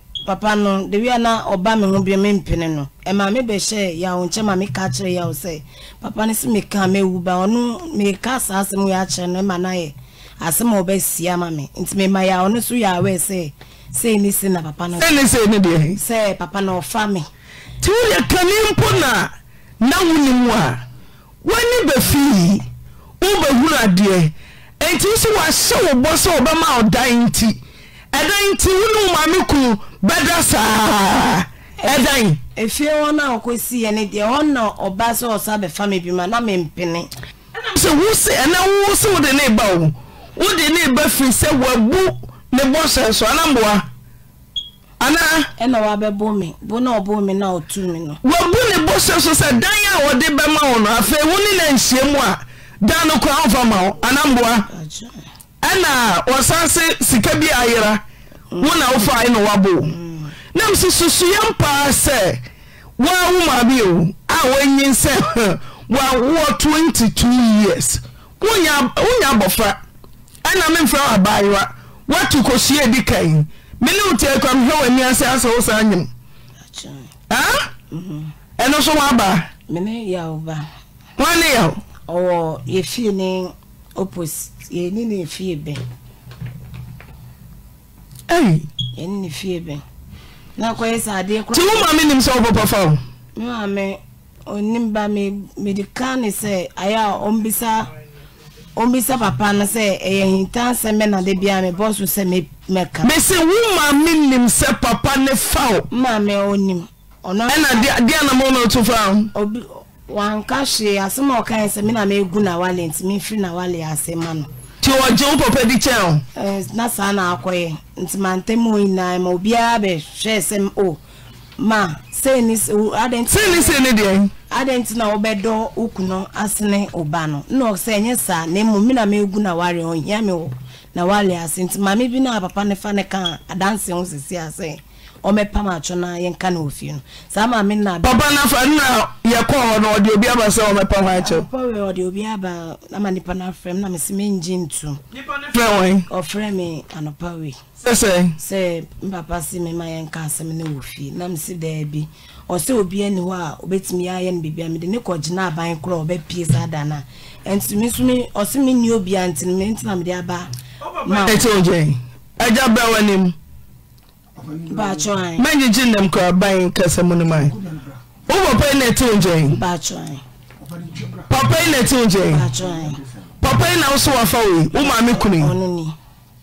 papa no de wia na ɔba me ho bia me mpene no ɛma e me bɛhyɛ yawo nkyɛn ma me ka kyerɛ yawo sɛ papa no si me ka me wu ba ɔno me ka saa asɛm ya akyerɛ no ɛma e na yɛ asɛm a ɔbɛsia ama me nti me ma yawo no so ya awɛ sɛ sɛ ni si na papa no sɛ ni sɛ ni deɛ sɛ papa no ɔfa me ti wo yɛ kani mpo na na wo mu a wani bɛ fi e wo bɛ huru adeɛ nti nso wahyɛ wo bɔ sɛ ɔbɛma ɔdan nti ɛdan nti wo ne wo maame kunu. bɛda saa eh, ɛdan ɛfie hɔ no a ɔkɔsiiɛ ne deɛ hɔ na ọba sɛ ɔsa bɛfa me bi ma na mempene sɛ wose ɛnɛ wo se wode ne ba wo wode ne ba firi sɛ wabu ne bɔhyɛ so anamboa anaa ɛna wabɛbo me na ɔbo me na ɔtu me no wabu ne bɔhyɛ so sɛ dan a wɔde bɛma wo no afei wo ne na nhyia mu a dan no koraa mfa ma wo anamboa ɛna wɔsan se sika bi ayera wona wofae na waboo nam si susuyam paa sɛ woa wo maame o a woanyin sɛ twenty two years wonya abɔfra ɛna memfrɛ w abaayewa woato kɔhyia e di kan mene e wo tie kwa mehwɛ w'ani ase asɛ wo saa nyem ɛno so woabaa mene yaw ba wane yaw ɔwɔ yɛfie ne opos yɛni ne yɛfie bɛn nti wo maame nim sɛ wobɔpɔ fa wo onim sị papa no sɛ ɛyɛ hinta sɛ mɛnade biaa mebɔ so sɛ mɛka mese wo maame nim sɛ papa ne fa maame ɔnim ɛna deɛ na fa wanka hwee asɛm a ɔkae sɛ me na megu na wale nti na wale ma no nti wɔgye wo dị di nasa na saa na akɔyɛ nti mantam hɔ nyinaa ma obiara bɛhwɛ sɛ o ma sei ne sei ne na na na ɔsɛ ɛnyɛ saa na mmom na megu na ware na ase na papa ase pam ɔmɛpam atwo no yɛnka na ofie no saa maame na papa nafa nna yɛkɔ hɔ no ɔde obi aba sɛ ɔmɛpam akyɛw ɔde obi aba ama nipa no afrɛ m na mese mengye ntom frɛ wɔn ɔfrɛ me anɔpa wei sɛsɛ sɛ mpapa se me ma yɛnka asɛm no wɔ fie na mese daabi ɔsɛ obi ani hɔ a obɛtumi ayɛ no biribi a mede ne kɔgyina aban korɔ ɔbɛpie saa da no a ɛnti me so me ɔse menni obia nti no mentina mede aba ma ɛkyɛ ogyɛn agya bɛ w'anim manje gye nam kora ban kasa Ụmụ no ma wopapa yi na ɛte papa yi na ɛte wo nkyɛn papa yi na wo so wafa wei wo maame kunu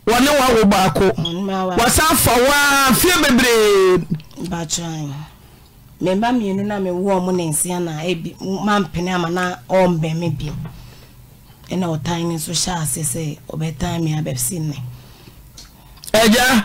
wɔne wo awo baako wɔsan fa wo fie bebree mmemba mmienu na mewo ɔmo ne nsia na ebi mampene ama na ɔmbɛn me bi ɛna ɔtan ne nso hyɛ ase sɛ ɔbɛtan me abɛsi ne. ɛgya.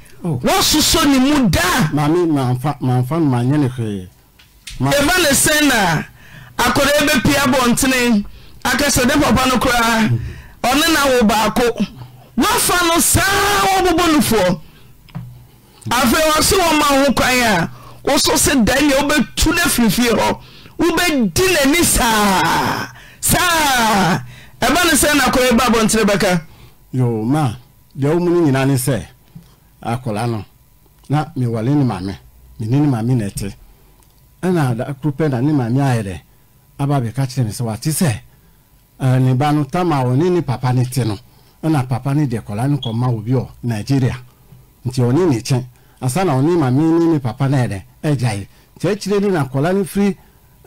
Oh. wọ́n soso ni mu da. maame maamfa maamfa no maa nye ne hwee. eba ne sɛn na akɔda ebe pie abɔntene akɛsɛ de papa no koraa ɔne na wo baako wafa no saa wɔbobɔ no foɔ afei wɔso wɔn ma ho kwan a woso se dan nea wobɛtu ne firifie hɔ wobɛdi n'ani saa saa eba ne sɛn na akɔda ebe abɔntene bɛka. yoo ma deɛ wɔn mu no nyinaa ne sɛ. akwadaa no na mewale ne maame mene ne maame na ɛte ɛna dakoro pɛ na ne maame ayɛ dɛ aba bɛka kyerɛ me sɛ wate sɛ ne ba no tama a ɔne ne papa no te no ɛna papa no de akwadaa no kɔma obi wɔ nigeria nti ɔne ne kyɛn asa na ɔne maame ne ne papa no yɛ dɛ ɛgyae kyerɛkyerɛ ni na akwadaa no firi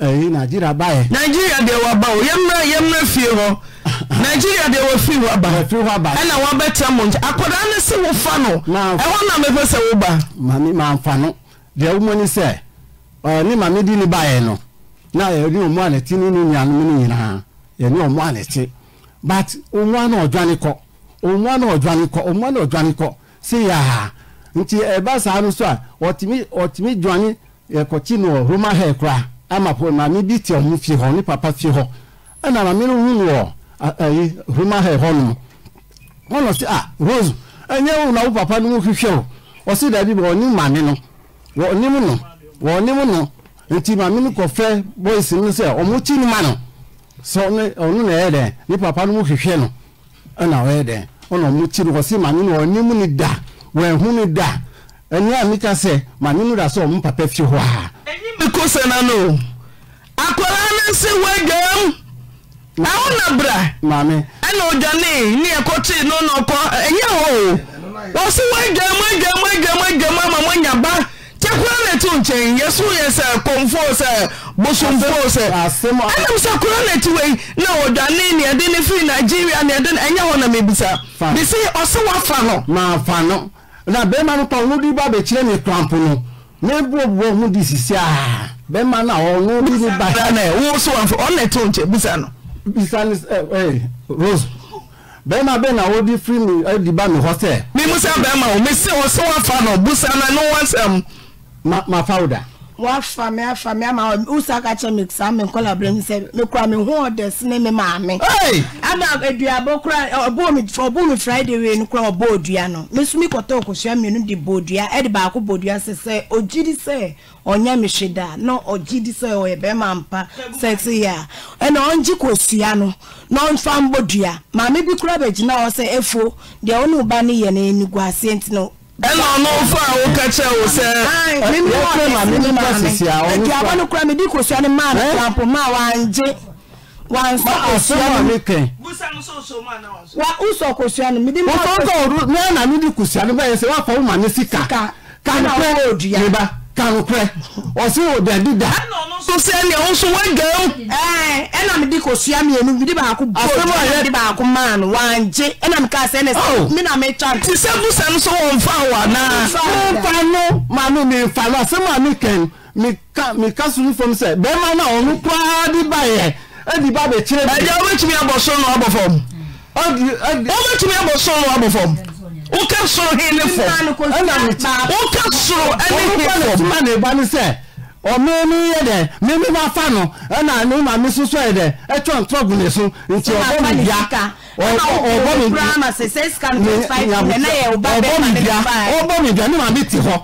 nigeria nigeria deɛ wɔaba o yɛmmrɛ fie hɔ nigeria deɛ wɔfii hɔ aba ɛna woabɛtra mo nky akɔdaa ne se wo fa no ɛhɔ na mɛpɛ sɛ woba mamfa no deɛ sɛ no na ɛne ɔmu anɛte ne ne na ɔdwane kɔ ɔmua na ɔdwane kɔ kɔ nti ɛba saa no so a ɔtumi ama po maame bi te ɔmo fie hɔ ne papa fie hɔ ɛna maame no hun wɔ ɛyi roma hɛ hɔ nom wɔn ɔsi a ah, rose ɛnyɛ wo na wo papa no mo hwehwɛ o ɔsi dɛbi bɔ ɔne maame no wɔ ɔne mu no wɔ ɔne mu no nti maame no kɔfɛ boys no sɛ ɔmo kyi no ma no sɛ ɔne ɔno na ɛyɛ dɛ ne papa no mo hwehwɛ no ɛna ɔyɛ dɛ ɔna ɔmo kyi no ɔsi maame no ɔne mu no da wɔn ɛho no da ɛnua mi ka sɛ maame no da sɛ ɔmo papa fie hɔ aa. akusenanu akwalansi wegem na unabra mami ana e ojani ni ekoti no no ko enye ho wọ́n sì wegem wegem wegem wegem ama mo nyaba kyekura na ti nkyɛn yesu yɛ sɛ kɔnfo sɛ bosomfo sɛ ɛnam e na etu wei na ɔdwane nea ɛde ne firi nigeria nea ɛde ɛnyɛ hɔ na mebisa bisi ɔsi wafa no. maa na bɛrima no kɔn wo di ba bɛkyerɛ ne krampo no. n'ebe ọbụbụ ọhụụ dị sisi a ma na ọnụ ndị bata na ẹwọ so afọ ọ na-eto nche bisa e, e, e, nọ. bisa ni rose bẹẹma bẹẹ na ọdị firi mi ẹdị ba mi hostel. mi musa o mi nọ busa na wafa mi afa ama usa kacha mi sa mi nkọla bere mi sɛ mi kura si maame. ama eduabɔ kura ɔbɔ mi ɔbɔ mi friday wei no kura ɔbɔ odua no mi sun mi kɔtɔ okosua mienu di bɔ odua ɛdi baako bɔ odua ya mi na ogyi ya na ɔnfa mbɔ dua maame bi kura efo ba ɛna ɔno fo a woka kyerɛ wo sɛ aduaba no kora mede kosua no maa noampo ma wangye wosɔ kosua no medeɛna mede kosua no bɛyɛ sɛ woafa wo ma sika kanpɛ meba kanukurɛ ɔsi o dɛ dida. ɛna ɔno nso sɛ ɛna ɔno nso wɛgɛ o. ɛɛ ɛna mi di ko sua mienu mi di baako bo ɛna mi di baako maa no wanje ɛna mi ka sɛ ɛna sɛ mi na mi twa. ti sɛ musa nso wɔn fa wa naa. nfa no maa mi mi nfa no asɛm a mi kɛn mi ka mi ka sunu fam sɛ bɛrima na ɔno koraa di ba yɛ ɛdi ba bɛ kyerɛ bi. ɛdi ɔbɛtumi abɔ so no abɔ fam. ɔbɛtumi abɔ so no abɔ fam woka soro he ne fam woka soro ne he fam na ba ne se ɔme no yɛ dɛ meme mafa no ɛna ne ma me soso yɛ dɛ ɛtwa ntrɔgo ne so nti ɔbɔ me bia ɔbɔ me bia ɔbɔ me bia ne ma me te hɔ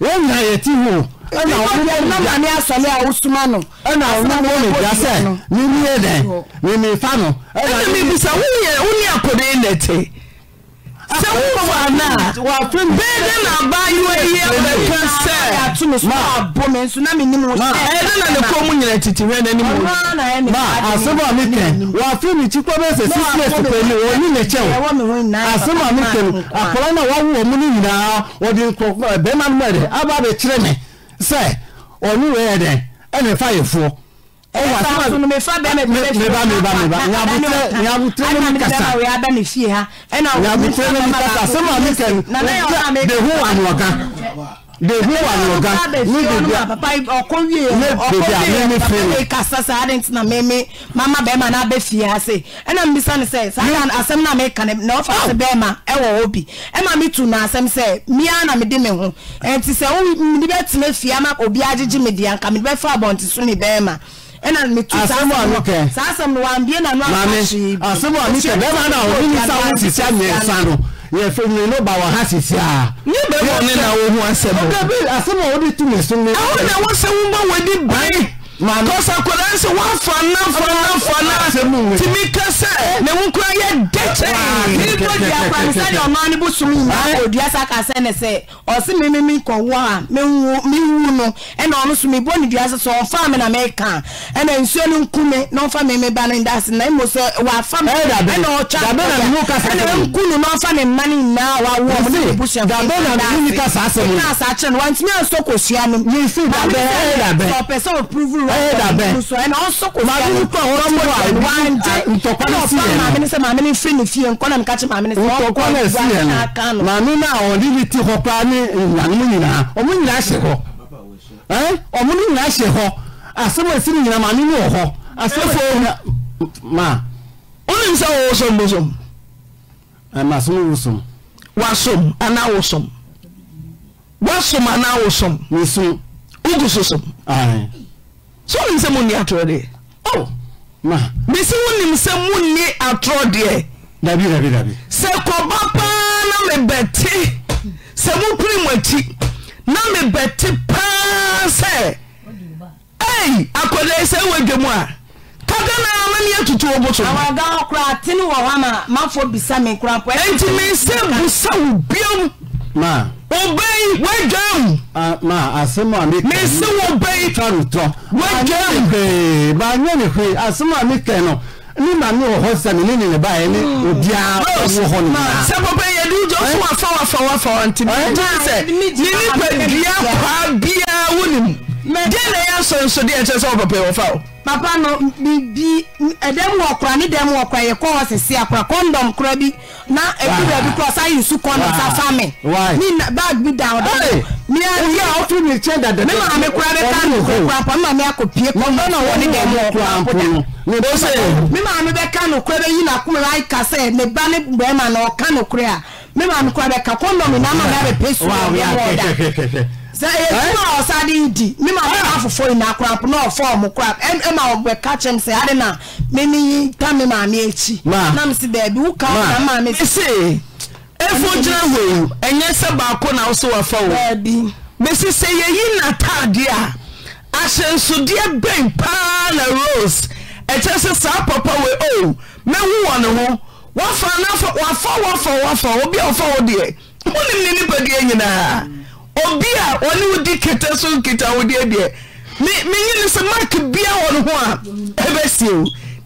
wɔnyina yɛ ti ho ɛna ɔnama ne asɔle a wosoma no ɛna ɔnama me bia sɛ meme yɛ dɛ meme fa no ɛna mebisa wone akɔde nɛ te sɛ wowɔ ana bɛɛdɛ na abaayewa yi abɛka sɛ abɔ me nso na menim wo ɛdɛ na ne kɔn mu nyina titi hwɛ n'anim wo ma asɛm a mekɛ wɔafe ne ti kɔ bɛɛ sɛ sisi asopani wɔni ne kyɛw asɛm a mekɛ no akɔla na wawo wɔ mu no nyinaa wɔde nkɔ bɛrima no mɛ dɛ aba abɛkyerɛ me sɛ ɔno wɔ yɛ dɛ ɛna ɛfa yɛfoɔ dehu kasa saa adi ntina meme mama bɛrima na abɛ fie ha se ɛna m bisa sɛ saa asɛm ne na ɔfa se bɛrima ɛwɔ hɔ bi ɛma asɛm sɛ mia na ho ɛnti sɛ asɛm a metɛ bɛma na ɔmene sa wo sisia mmiɛnsa no yɛfɛmine no ba wɔ ha sisia asɛm a wode tumi so ne wosɛ woma ban kɔsa akwadaa nso wafa nafa nafa na tìmí kẹsẹ. na n kura yɛ dɛkyɛ. mi bɔ di akwanisa de ɔman ne bó sum yìí náà odua saka sɛ ne sɛ ɔsi mi mi mi kɔ wɔ a mi wu mi wu no ɛna ɔno so mi bɔ ne dua sɛ ɔfa mi na mi kan ɛna nsuo ne nkume na ɔfa mi mi ba ne da si na emo sɛ wafa mi ɛna ɔtwa akɔya ɛna nkunu na ɔfa ne mma ne nyinaa wawɔ ɔmo ne ne bu hyɛ fún mi na ase asa akyerɛ no wantumi asɔ kɔ hyia no. yìí fi dabɛ ɛyɛ dabɛ. sɔpɛ sɛ ɛyɛ dabɛ maame nipa wɔn mo da bi ntɔkwa na si yɛn maame ni fi ni fie nkɔ na mi ka kye maame ni sɛ ntɔkwa na si yɛn no maame na ɔde bi ti hɔ paa ne nyanumu nyinaa ɔmo nyinaa hyɛ hɔ ɛn ɔmo ne nyinaa hyɛ hɔ asɛm esi ne nyinaa maame ni wɔ hɔ asɛfo na ma ɔne nsa wɔ wosom bosom ɛma som wosom wasom anaa wosom wasom anaa wosom wosom ugu sosom so wonim sɛ monni atorɔ deɛ oh. mesi wonim sɛ monni atorɔ deɛ sɛ kɔba paa na mebɛte sɛ mopiri mo akyi na mebɛte paa sɛ ei akɔdɛ sɛ woadwa mu a kaga na mani atutu wo boso enti mensɛ busa wo biom obey wejam. Ah, ma asem a mi kẹ mi si wo obey. tọrọ tọ wejam. ba n yẹ ni hwee asem a mi kẹ no ni maame wɔ hɔ sani ne nene ba yɛ ne hmm. obiara wɔ hɔ no naa. sɛ papa yɛ de ojoo so eh? wafa wafa wafa wanti mi n tɛ sɛ ni nipa dua paa biara wɔ ne mu. diɛ na yɛ asɔ nso deɛ sɛ wɔ papa wɔ fa o. papa no bi ɛdɛm wɔ kora ne dɛm wɔ kora yɛ kɔ hɔ sisi kɔndɔm bi na ebi baabi kora sa yi kɔndɔm sa fa mi na bi da ɔdɔ mi a yi a ɔfi mi dada mi maa mi bɛ ka mi pɔ mi maa mi pie kɔndɔm na wɔ ne dɛm wɔ da mi maa mi bɛ ka yi na kuma ayi ne ba ne na ɔka mi maa mi bɛ ka kɔndɔm na ama mi e di na ɔfɔm korap ma ɔbɛka kyɛm sɛ ade na akwụkwọ ta me maame akyi na mese daabi woka maame se ɛfo gyina hɔi ɛnyɛ sɛ baako na woso wafa wo mesi sɛ yɛyi nataadeɛ a ahyɛnsodeɛ bɛn paa na rose ɛkyɛ sɛ saa papa wei o mɛwu wɔ ne ho wafa nafa wafa wafa wafa obi a wɔfa wo deɛ wonim ne nipadua nyinaa obi a ɔne wo di kete so nkita wo deɛ deɛ menyi ne sɛ mark bia wɔ no ho a ɛbɛsie o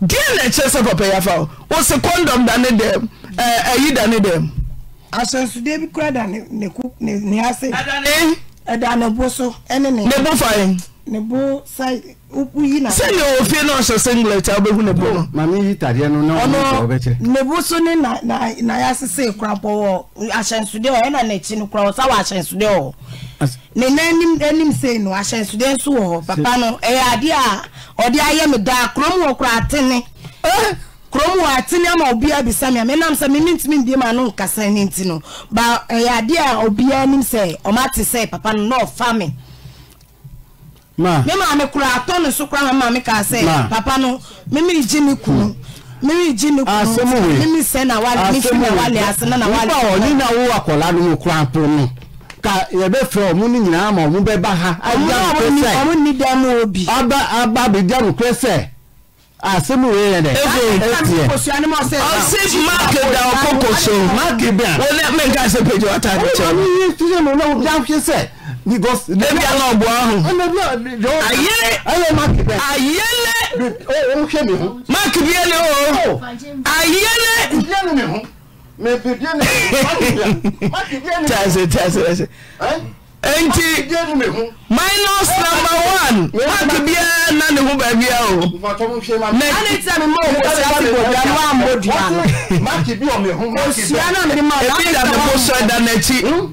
deɛ na ɛkyerɛ sɛ papa yɛafa wo wo se kɔndɔm da ne dɛm ayi da ne dɛm asɛnsudeɛ bi kora da ne ase eh? ɛda ne bo so ɛne ne ne bo fa yɛn sɛyɛ ofie no ɔhyɛ singlet a wobɛhu ne bo none bo so ne nayɛasesee kora wɔ ahyɛnsodeɛ ɔ n'akyi no kora sa wɔ ahyɛnsodeɛ wɔ ne nanim sei no ahyɛnsodeɛ nso wɔ hɔ papa no ɛyɛ adeɛ a ɔde ayɛ me daa kurom wɔ kora atene eh? kurom wɔ atene ama obiara bisa me a menam sɛ meme ntumi mbie ma no nkasa no nti no ba ɛyɛ adeɛ a obiara nim sɛ ɔma sɛ papa no na ɔfa me me maame kura atɔ ne so kura me maame ka sɛ papa no mimi gye me kunu mimi gye me kunu mimi sɛ na wale mi fi na wale ase na na wale. wo akɔla kura po ka fɛ ni nyinaa ma bɛ ba ha. ɔmo ni ɔmo ni dɛm wo bi. aba aba bi asemu yɛ dɛ. ɔsi da a. se because ebi ala ọbọ ahụ ayele ayele mark biele o ayele tase tase tase nti minus number one mark biara na ne ho baabi a o ebi da ne bo sọ hmm? da n'akyi.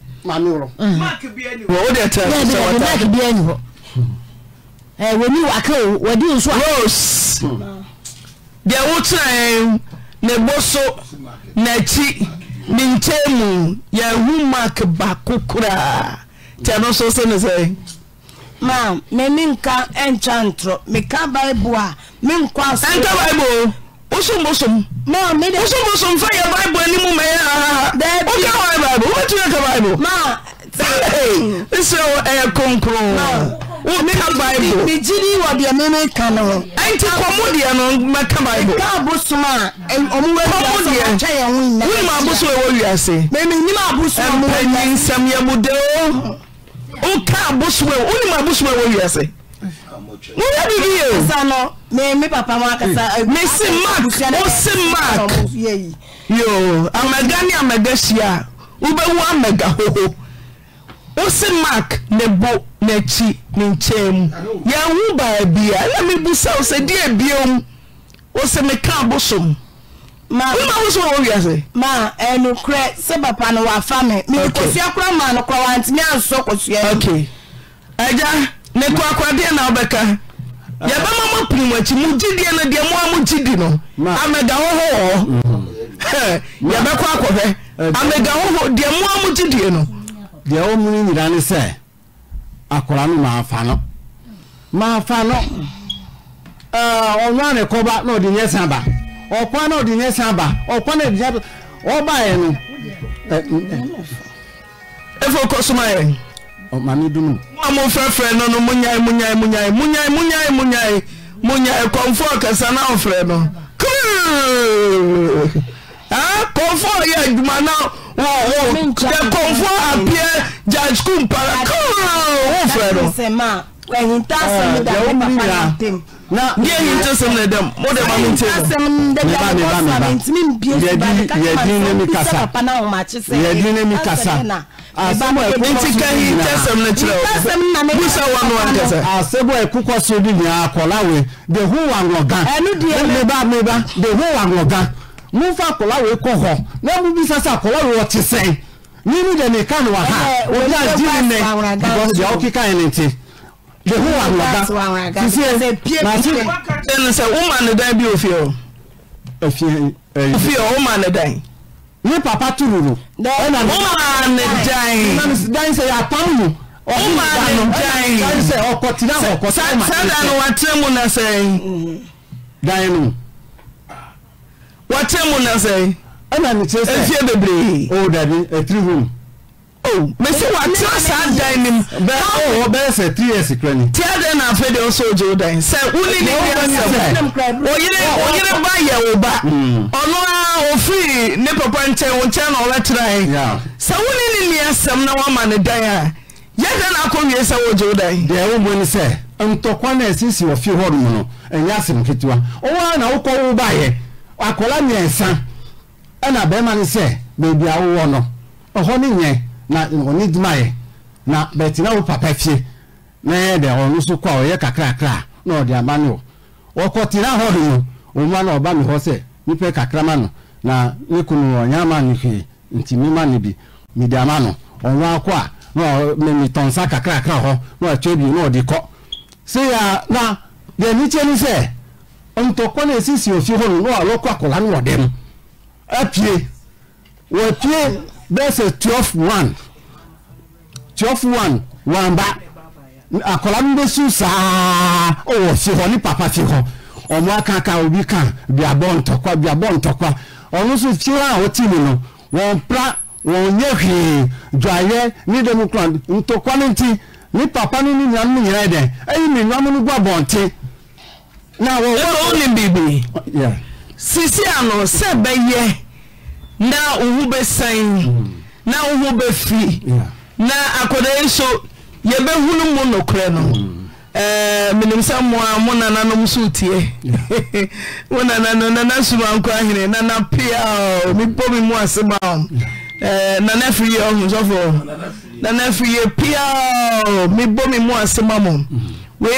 maame wɔ. Mm. mark bi ɛni hɔ. o de tɛ sɛ wɔta. mark bi ɛni hɔ. ɛɛ eh, wɔni waka o wɔdi nso a. rose deɛ wotena yɛn ne bo so n'akyi ne nkyɛn mu yɛn hu mark baako koraa tɛ no so sɛ ne sɛ. maa mɛ mi nka ɛntwa ntorɔ mɛ ka baibu a mi nkɔ asɔrɔ. ɛntwa baibu o wosom bosom fa yɛ bible anim ma yɛ hahaha woka wa bible wobɛtumi aka bible ɛsɛ ɛyɛ kronkron woka bible megyini wɔ deɛ memeka no ho ɛnti kɔmo deɛ no mɛka bibleka bosom a ɔmowɔdeɛ wonim abosom ɛwɔ wiase memenim abosom mpanyinsɛm yɛ mu deo woka abosom wonim abosom ɛwɔ wiase nwunye dị gị si mak osi mak yo amega ni amega ube ubewu amega hoho osi oh, mak nebo n'ekyi ne nkyɛn mu yɛnhu baabi e a ɛna mebusa wo sɛ deɛ ebie e um. mu wo sɛ meka abosom ma wo so wɔ wiase ma ɛnokorɛ eh, sɛ papa no wafa me mede kosua kora ma no kora wantimi ansɔ kosua okay agya okay. ne koakoradeɛ na wobɛka yɛbɛma ma pirimakyi mugyidiɛ no deɛ moa mugyidi no amɛga hoho wɔ mhm. yɛbɛkɔ akɔhwɛ amɛga hoho deɛ moa mugyidie no deɛ wɔmuno nyina ne sɛ akora no maafa no maafa no ɔnwane kɔba na ɔde nyɛ sa ba ɔkwa na ɔde nyɛ sa ba ɔkwa na ɔbaeɛ no ɛfo kɔ somayɛ m frefre nn uu mu con f ke sana ofr con fu ye jumana confo apie jajcompalafr na bí ẹyin tẹ sẹm na ẹdẹm mo dẹ ma mi tẹ ẹdẹm yẹdin ne mi kasa yẹdin ne mi kasa asẹmọ ẹkú kọsọ bi nyinaa ntẹsẹm na kyerẹ o busa wa nu wa nkẹsẹ. asẹmọ ẹkú kọsọ bi nyinaa akọlawe de hu wa ngọgan meba meba de hu wa ngọgan mo fa akọlawe kọ họ na mo bi sasa akọlawe ọ ti sẹn nínú dẹ nìkan wà ha eh, o ní àdínní nẹ because deɛ ɔkeka yẹn ni ti. the whole one wada sisi na si ẹni sẹ woman ni dan bi ofie o ofie o woman ni dan. ní papa tururu. woman ni dan. dan sẹ yàtọ̀ mu. woman ni say dan sẹ ọkọ tìlá ọkọ say ma. sẹ́dá ni wà tẹ́ mu na sẹ́yìn. dan nu. wà tẹ́ mu na sẹ́yìn. ẹ̀na ni sẹ́sẹ́. o dabi etiri mesi watena saa dan nim bɛyɛ sɛ tia dɛn na afei deɛ ɔsɛ ogye wo dan sɛ wone ne deɛ oyere ba yɛ wo ba ɔno a ɔfiri ne papa nkyɛn wo nkyɛn na ɔbɛtenae sɛ wone ne nni asɛm na woama ne dan a yɛ dɛn na akɔ wie sɛ wogye wo dan deɛ wobɔ ne sɛ ntɔkwa na ɛsisi wɔ fie hɔ nom no ɛnyɛ asɛm ketewa ɔwɔ a na O wo baeɛ akɔla mmiɛnsa ɛna bɛrima ne sɛ baabi a wowɔ no ɔhɔ ne nyɛ na wɔne dwuma yɛ na bɛti na wo papa fie na yɛ deɛ ɔno nso kɔ a ɔyɛ kakrakra na ɔde ama ne wɔ ɔkɔtena hɔ no ɔma na ɔba me hɔ sɛ nipa kakrama no na ne kunu ɔnya ama ne hwee nti me ma ne bi me de ama no ɔno akɔ a na ɔme tɔnsa kakrakra hɔ na ɔtwa bi na ɔde kɔ sɛ yɛ na deɛ ne kyɛ ne sɛ ntɔkwa na esisi ofie hɔ no na ɔlɔkɔ akɔla no wɔ dɛm apue wɔapue verse twelve one twelve one wàmbá akɔla no bɛ su saa ɔwɔ oh, si hɔ ne papa si hɔ ɔmo aka ka obi ka biabɔ ntɔkwa biabɔ ntɔkwa ɔno nso fiwa a ɔte mu no wɔn pra wɔn nyɛ hwee dwaeɛ ne demokran ntɔkwa no nti ne papa no ne nuanom no nyinaa dɛ ɛyi ne nuanom no gu abɔnte na wɔwɔ ɛna ɔne bebe sisi ano sɛ bɛyɛ. na wo ho bɛsai na woho bɛfi na akɔdei nso yɛbɛhunu mu noɛ o e sɛ aaso ieaneaaa fis pa as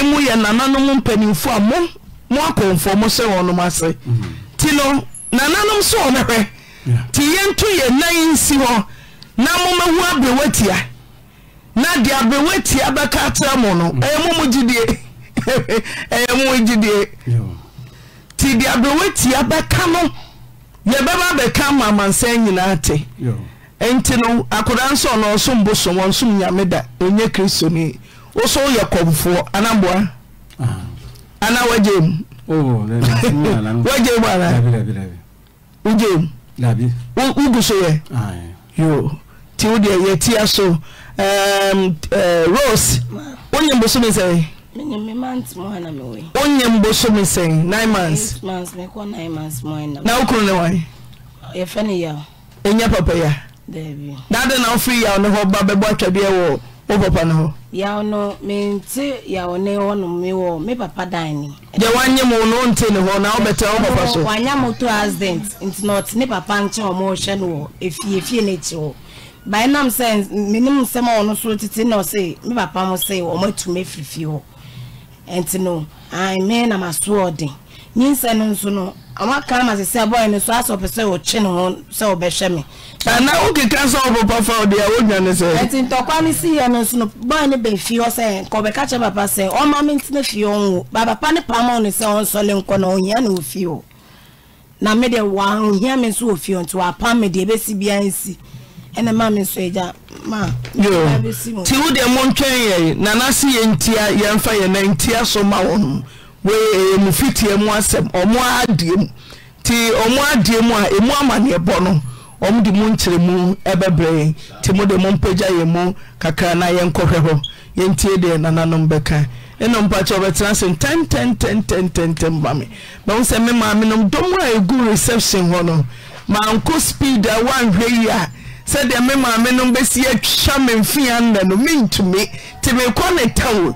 ami yɛ nana mpanimfo aɔɔf ɔnni oaa soɔɛ nti yɛnto yɛ nan nsi hɔ na momahu aberɛwatia na de aberɛwatia bɛka aterɛ mo no ɛyɛ momgyidie ɛyɛ mogyidie nti de aberɛwatia bɛka no yɛbɛba bɛka ma amansa nyinaa te nti no akoda nso ɔno ɔsom bosom ɔnsom nyame da ɔnyɛ kristoni wo so woyɛ kɔmfoɔ anaboa Ana wagye mu oh, wagye mu anaa wogye mu wogu so yɛ nti wodeɛ yɛtia so eh, rose wonyɛ mboso me sɛ onye mbụ me sɛn nine months na wokuru ne wan ɛnya papa ya daade na wofiri yaw ne hɔ ba bɛbɔ atwa biɛ wɔ o papa ne ho. yaw no mi nti yaw ne hɔ nom mi wɔ mi papa dan ni. jɛ wanyɛ mu na o nti ne hɔ na o bɛ tɛ o papa so. wanya moto accident nti na ɔte ne papa nkyɛn ɔmo hyɛ no wɔ efie efie n'ekyi hɔ baa nam sɛ minim nsɛm a ɔno so tete na ɔse mi papa mo se ɔmo etu me firi fie hɔ nti no ayi mi na ma so nyinsɛ no nso no ɔma ka ama sɛ sɛ bɔyɛ no so asɛ ɔpɛ sɛ ɔkye ne ho sɛ ɔbɛhyɛ me ana wokeka sɛ wopapa fa ɔde a wonya ne sɛ ɛnti ntɔkwa no siiɛ no nso no bɔyɛ no bɛfie hɔ sɛ kɔbɛka kyɛ papa sɛ ɔma me ntena fie ɔnwo papa ne pama no sɛ ɔnsɔle nkɔ na ɔhia ne ɔfie hɔ na mede ɔhia me nso ɔfie hɔ nti wɔapa me deɛ ɛbɛsi biara nsi ɛna ma me nso agya ma ti wo deɛ montwɛn yɛi nana na ntia so ma wee eh, mu fitie mu asɛm ɔmo adeɛ mu nti ɔmo adeɛ mu a ɛmu amaneɛ bɔ no ɔmo de mụ nkyerɛ mu ɛbɛbrɛ nti mo de mo mpagya yɛ mu kakra na yɛnkɔhwɛ hɔ yɛntie deɛ nananom bɛka ɛna mpakyɛ ɔbɛtena sɛ ntɛntɛntɛntɛntɛntɛm ba me bɛho sɛ me maame nom dɔm a ɛgu reception hɔ no mankɔ speed a woanhwɛ yi a sɛdeɛ me maame nom bɛsi atwa me mfea nna no mentumi nti mekɔ ne tao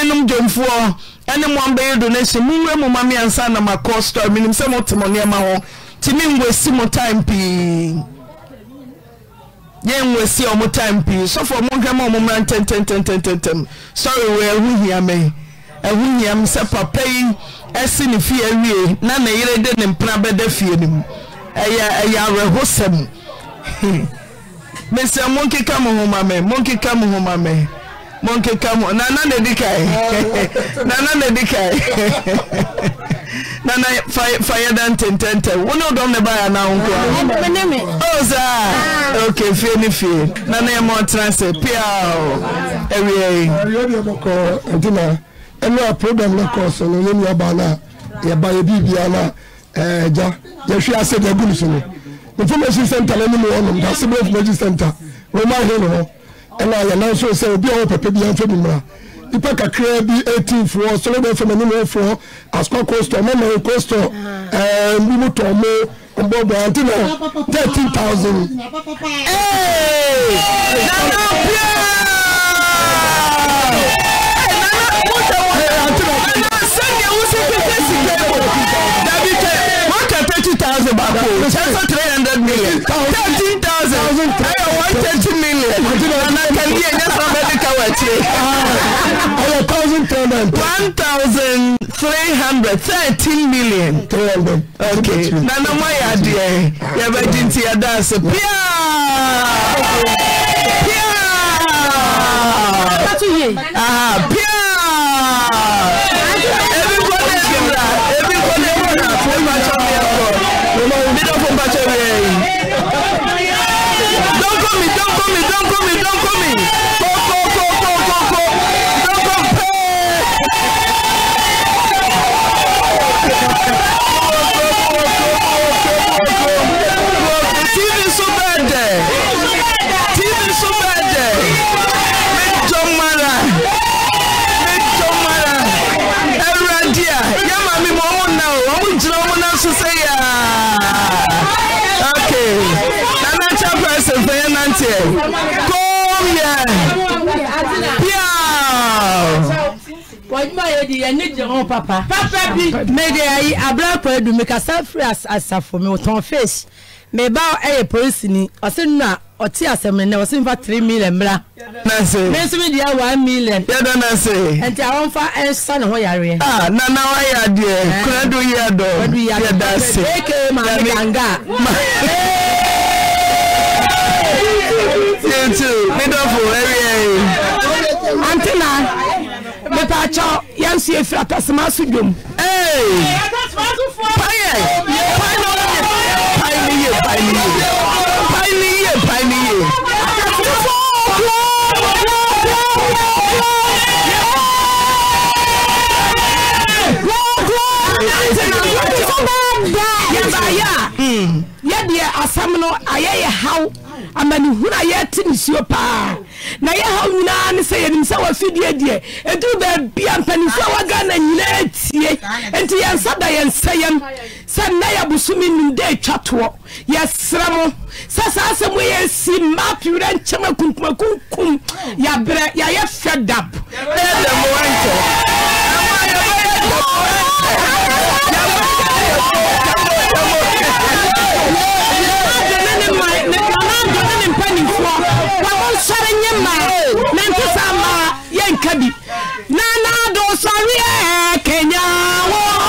menom dwomfoɔ ɛne mo ambɛyɛ donation monwura mu ma na makɔ store menim sɛ mote mo ho nti menwasi mo time pii yɛnwasi ɔmo time pii sɔfo monhwɛ ma ɔmommra ntɛntɛntɛntɛntɛm sɔre wɔ eh? ɛho hia ɛho hia sɛ papa yi ɛsi ne fie awie na ne yere de ne mpena bɛda fie no mu ɛyɛ ɛyɛ awerɛhosɛm mesɛ monkeka mo ho me monkeka mo ho me mo nkeka mu nana na edi kae oh, oh, oh, nana na edi kae nana fa fa yɛ dan tententen wɔn ni ɔdɔm ne ba yɛ anan nko a ah, o saa ah. ok fie ni fie nana yɛ ma ɔtena se piao ɛwia yi. ɛwia deɛ bɛ kɔ ntina ɛnu a program na kɔ so no ne nua ba na yɛ ba yɛ biibi ana ɛɛ eh, gya yɛhwɛ ase deɛ gu ne so no information center na ɛnimu wɔnom da civil information center wɔn mu ahwɛ ne ho ɛna yɛnan so sɛ obi a ɔwɔ pɛpɛ bi yɛnfɛ bi mmira nipa kakra bi eighteen foɔ sɔlɔbɛ fɛmɛ ne mɛ foɔ asukɔ kɔstɔ mɛmɛ kɔstɔ ɛɛ nbimu tɔ mo ante na thirteen thousand. ee nana pia. thousand baako. Just three hundred Thirteen thousand. Ẹ yẹ nakanayɛsɛbɛdeka wak303 ii nanɔma yɛadeɛ yɛbegenti yadaasɛ p call me, don't call me, don't call me, don't call me. Go, go, go, go, go, go. Don't come pay. TV so bad John Mara. Make John Mara. Every idea. Yeah, mommy, mom, now. I'm going to jump mmeranteɛ kom yɛ piaw wɔdwuma yɛ di yɛn ni gye ho papa. papa bi. mede ayi abirakɔ edu mi kasa firi asafo mi wɔtɔn fish mi ba ɛyɛ polisi ni ɔsi nua ɔti asɛmɛ nɛ ɔsi nfa three million mra. nase. mi nso mi di ya one million. yada nase. nti awon fa ɛnsa eh, ne ho yare. aa ah, nana wa yɛ adeɛ kura do yɛ dɔ yada se. eke ma mi ganga. Eh you too. Middlefo, every Auntie na, me pa cho, yan si e fra tasma su dwom. Hey! Paye! Paye no ye, paye no ye, paye no ye. sɛmnayɛyɛ ha amanehunu ayɛte ne suo paa na yɛhaw nyinaa ne sɛ yɛnim sɛ wɔafidiɛ deɛ ɛdur baabi a mpanefo a waa na nyinaa atie ɛnti yɛnsa da yɛnsɛyɛm sɛ nna yɛabosome num dɛ atwa toɔ yɛserɛ mo sɛsaasɛ moyɛsi ma fwerɛ nkyɛma kunkumakunkum yerɛ ɛyɛ fɛ da sɛre nye maa nentesa maa yɛ nka bi nana do sɔweɛ kɛnya wo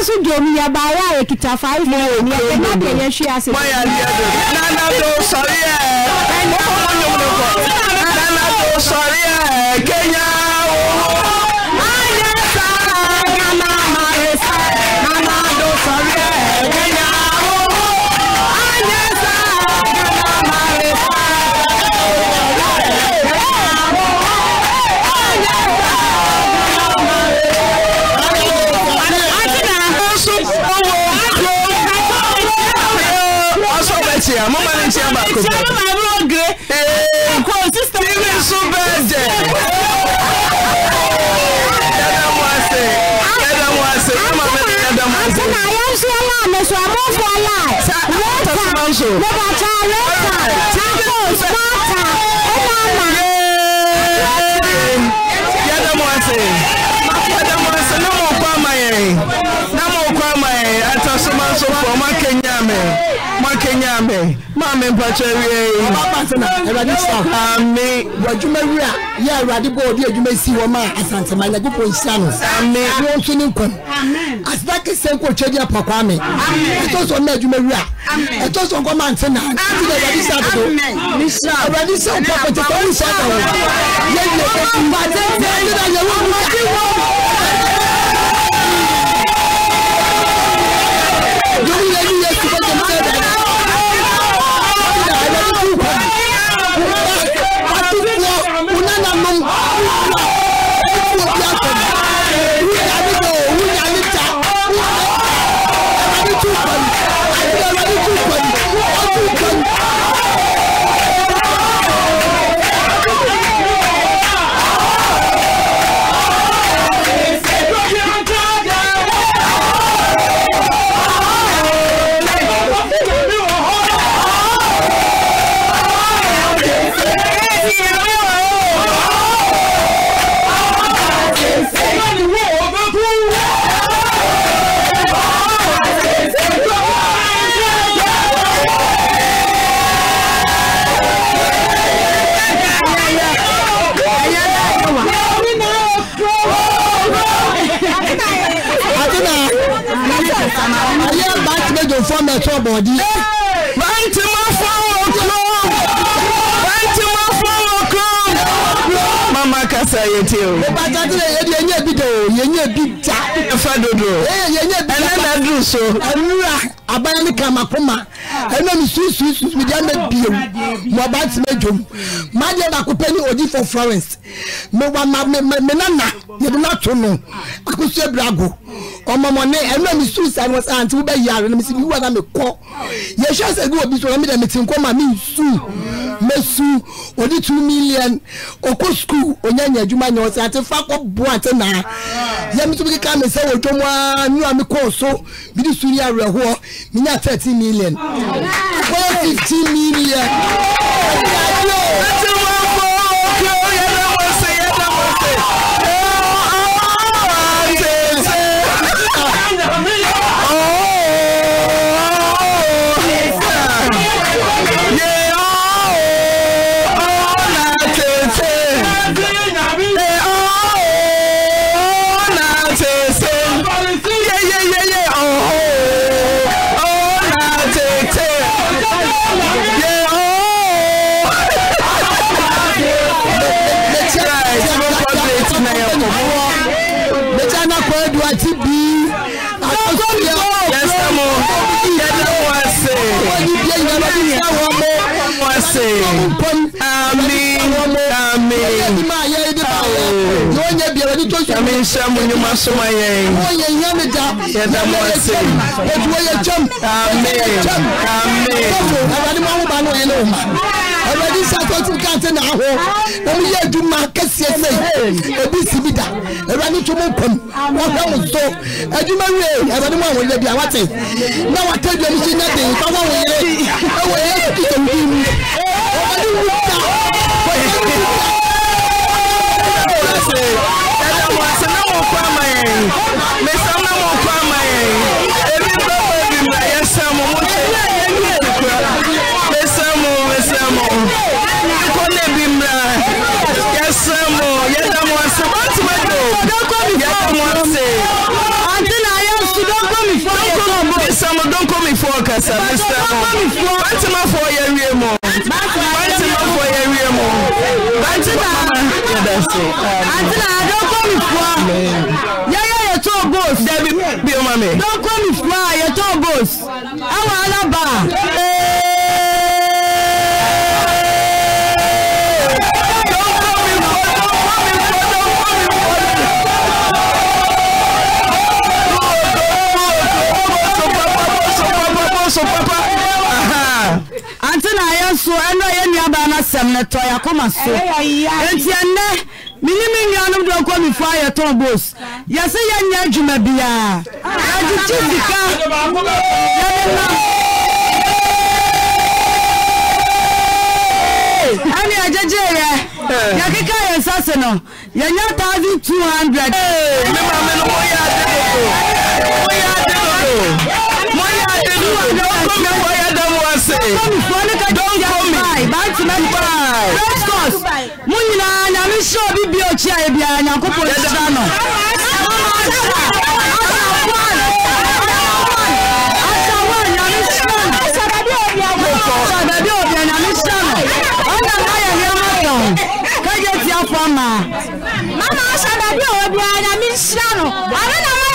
nso di omi yɛ ba ayé a ekita five million yɛ bɛ n'a kɛ e yɛn si ase. mo yà liɛ nana do sɔri yɛ nana do sɔri yɛ e. kenya. ẹ̀ṣẹ̀ bàkú bẹ́ẹ̀. ẹ̀ṣẹ̀ bàbá oge. ẹ̀kọ́ sísè. tíbi sún bẹ́ẹ̀ jẹ. yẹ́dá mu ase yẹ́dá ma mi mpɔtɔ wie yi. ọba pàṣẹ na ẹwurade sọ. ami. wọ adwuma wura yẹ ẹwurade bọ ọdi adwuma esi wọn ma asantuma ẹnagye pọ nsia no. ami. wọn nso ni nkɔm. asita kese nko twɛ di apɔkɔ ami. ɛtɔ sɔ mɛ adwuma wura. ɛtɔ sɔ nkɔ ma nse na. ti na ẹwurade sọ adodo. ẹwurade sọ pɔpɔ tètè ɔmu sọ àtàwọn. yẹ yẹ kẹ trouble. body. Mighty man follow club. Mighty man follow club. Mama kasa yeti o. Bàbá àtàtì rẹ̀ yẹ́ di yẹ́nyẹ́ bi dẹ̀ o, yẹ́nyẹ́ bi da. Ẹ̀fẹ̀ dodo. Yẹ́nyẹ́ bi da. Ẹ̀nẹ́ na dùn so. Ẹ̀nura abayẹ ni kàmá pọ́nmà ẹ̀nà mi sùn sùn sùn mi díẹ̀ mẹ́ bìí o, mo bá ti mẹ́ jọ mu. Màá di ẹ̀bà kúpẹ́ ní òdi for Florence. Mo wà má mi nana, yẹ̀ bi nà tó nù, akusu ebirago ọmọọmọ ne ẹnu mi sùn sáyẹn wọn sáyẹn àti wọn bẹ yà rẹ mi sì mi wúwa náà mi kọ yẹ ṣe ẹsẹ gbé obi sọ wọn mi dẹ mi ti nkọ ma mi sùn mi sùn òdi two million okó skul onyanya adwuma nyẹ wọn sáyẹn àti fakọ bu àti nara yẹ mi tún bí kíkà mi sẹ wọjọ mu aa nínú àmì kọ so mi di sùn ní àwòrán mi ní à thirteen million four fifteen million. nyame nhyɛ mo nnwuma soma yɛn wɔyɛ nyame da yɛda mo ase ɛtu wɔyɛ kyɛm amen amen awurade ma ho no ɔyɛ ne wo awurade sɛ atɔtum ka ase na na moyɛ adwuma kɛseɛ sɛi ɛbi si bi da awurade to mo mpam wɔhwɛ mo so adwuma wie awurade mo ahoyɛ bia wate na wata adwa no hyi nya den wɔ wo ɛwɔ yɛ kristo wodi mu awurade wu da wɔyɛ wu mo ase na mo kɔ ama yɛn mesa na mo kɔ ama yɛn ebi bɛ mo ebi mo ayɛ sɛ mo mo kyɛ yɛ yɛ yɛ kura mesa mo mesa mo nkɔ na ebi mra yɛ sɛ mo yɛ da mo ase mo ti mo do yɛ da mo ase. ante na ayɛ nso dɔnkɔ mi fɔ yɛ sɔn mo. mesa mo dɔnkɔ mi fɔ kasa mesa mo ante ma fɔ yɛ wie mo banti na ọfọ yẹ wie mu banti na banti na adọkọ mi fua yẹyẹ yẹ tó goals dẹbi bí o ma so ɛnɛ ɔyɛ nnuabaa no asɛm no tɔ yɛakoma so enti ɛnɛ mene me nnuanom de ɔkɔ mifo a yɛtɔn bos yɛsɛ yɛnyɛ adwuma biaa agyekye sika yɛdenam ɛne agyegye yɛ eh. yɛkeka yɛ nsa se no yɛnyɛ 1200 moyɛ ade dodo moyɛ ade dodo moyɛ ade dodo Don't come by. Back to my by. Let's go. Mu nyinaa nyame hyɛ obi bi okyi a ebi a nyankopɔn nhyira no. Baabi obi a nyame hyɛ no. Ɔna na ayɛ nneɛma tɔn. Kagye tia fɔ ama. Mama ahyɛ baabi Mama obi a nyame hyira no. Ɔno na ma.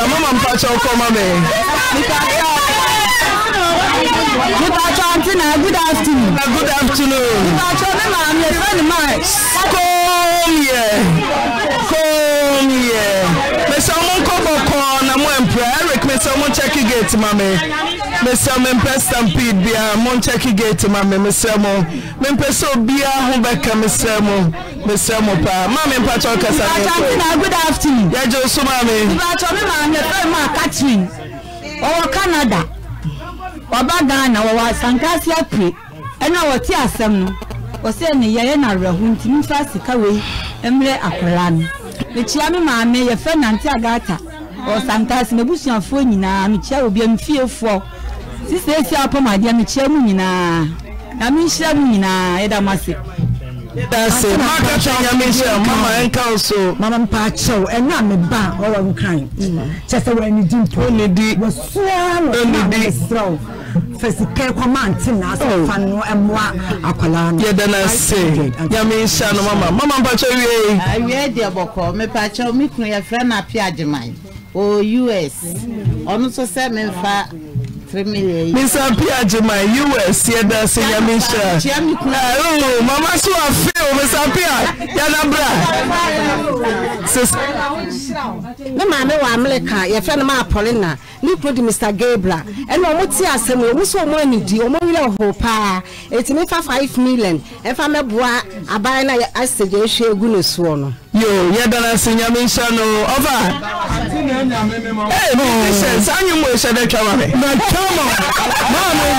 nọmba mama mpacha ọkọ eh. mama ẹ. Mutacho aunty na good afternoon. Na good afternoon. Mutacho ne ma am your friend mine. Come here. Come here. Mesa mo nkọ kọkọ na mo mpẹ Eric mesa mo check gate mami. Mesa mo mpẹ stampede bia mo check gate mami mesa mo. Mo mpẹ sẹ obiara ho bẹka mesa mo mesrɛ mo paa maame mpatɔ kasa ne ɛkɔ na good afternoon yɛgye so maame mpatɔ me maame fɛ mu a katrin ɔwɔ canada ɔba ghana wɔwɔ asankase apue ɛna wɔte asɛm no wɔsɛ ne yɛyɛ na awerɛho nti memfa sika wei mmerɛ akwaraa no mekyia me maame yɛfrɛ nante agata ɔwɔ sankase mabusuafoɔ nyinaa mekyia obia mfiefoɔ siseesi apɔmadeɛ mekyia mu nyinaa na menhyira mu nyinaa yɛda mo ase that's it mpakyɛ nyame hyɛ mama ɛnka wo so mama mpakyɛ wo ɛna me ba ɔwɔ nkran kyɛ sɛ wɔani di mpo ɔnidi wɔsua no ɔnidi ɛsrɛ wo fɛsikɛ kɔma nte na asɛfa no ɛmoa akwalaa no yɛda no ase nyame hyɛ no mama mama mpakyɛ wie awie deɛ bɔkɔ mepakyɛ wo me kunu mm-hmm. yɛfrɛ no ape agyeman o us ɔno so oh. sɛ memfa misa pia jema us yɛda sɛ nyame nhyira mama so afeo misa pia yɛda bra me maame wɔ amerika yɛfrɛ no ma apolina ne kuro de mr gabra ɛna ɔmo te asɛm yi ɔmo so ɔmo anidi ɔmo werɛ hɔ paa ɛti mefa five million ɛfa mɛboa aban na asɛgya ehwɛ egu ne soɔ no. yo yɛda na sɛ nyame nhyira no ɔfa ɛsɛ saa nye mu ɛsɛ dɛ twɛ wame. na twɛma maa mi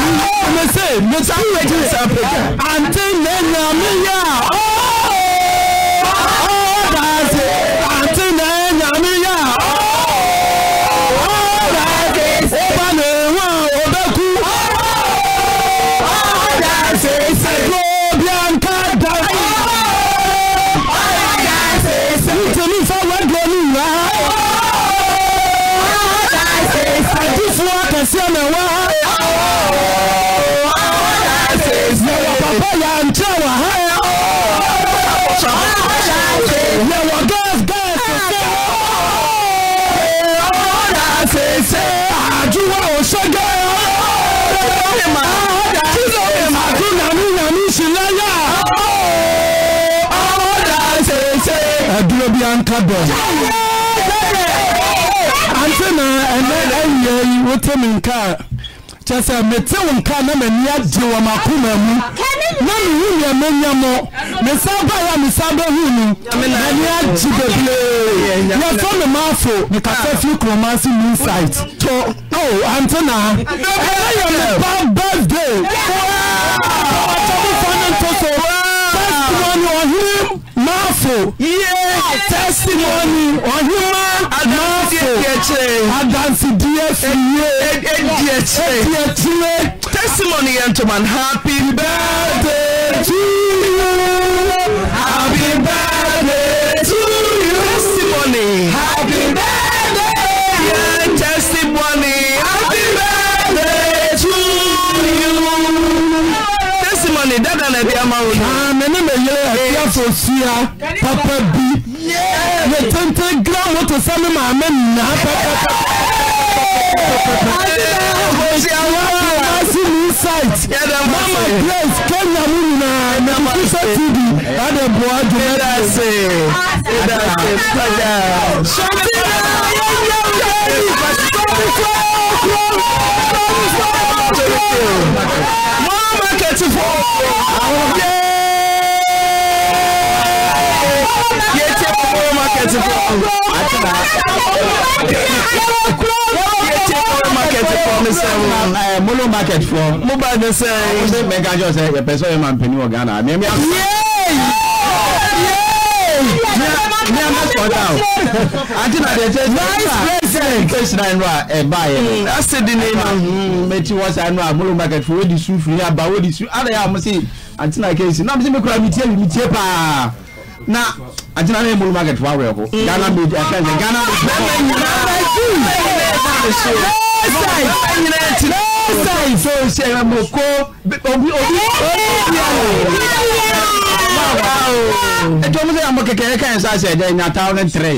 mi se mi sa n yɛ ti sa pɛtɛ. ante ne nyame ya. dɔm ante na ɛnɛ ɛyɛ yi wote mi nka kyɛ sɛ mete wo nka na m'ani agye wɔ m'akoma mu na mehu nea menya mɔ mesa baeɛ a mesa bɛhu no m'ani agye bebree yɛfɛ me maafo mekasa fi kuromase new site to o ante na ɛnɛ yɛ me ba birthday bawatɔmofɔ ne ntoso first one ɔhene maafo yeah of testimony ọ̀hìnmá n'afọ adansidie fiye edietire testimony yẹn to man happy birthday to you happy birthday to you testimony happy birthday yeah, testimony happy birthday to you testimony dada na ebi ama wo. àmì ní mi yẹ ẹ̀ fi àfọ̀ sí pápá bíi yɛ tente gira moto sani maame nyinaa pɛpɛpɛpɛ Kuro market for me. Atina. market for me sẹ́wọ̀n. Molo market for. Mo bá ní sẹ́yìn. Mo ṣe mẹ́ka jọ sẹ́ yẹ pẹ̀sọ́ yẹn máa ń pè ní ọ̀gá náà. Yéé! Yéé! ní ẹ̀ma sọ̀tà o àti nàdẹ̀ tẹ̀ vice president kẹ́sìnà ẹnu à ẹ̀ báyẹ̀ ẹ̀sì di ní ma mẹtí wọ́n sá ẹnu à múlò market fún wọ́n di su fún yà bá wọ́n di su àdàyà àmọ́ sí àti nà kẹ́sì náà mi sì mi kura mi tiẹ̀ mi tiẹ̀ paa na agyina ne mulu market wa awɛko ghana media ɛfɛn sɛ ghana mɔkɔ obi obi ɛtɔmu sɛ yamɔ kɛkɛ ɛka ɛnsa sɛ ɛdɛ nyataw ne tere.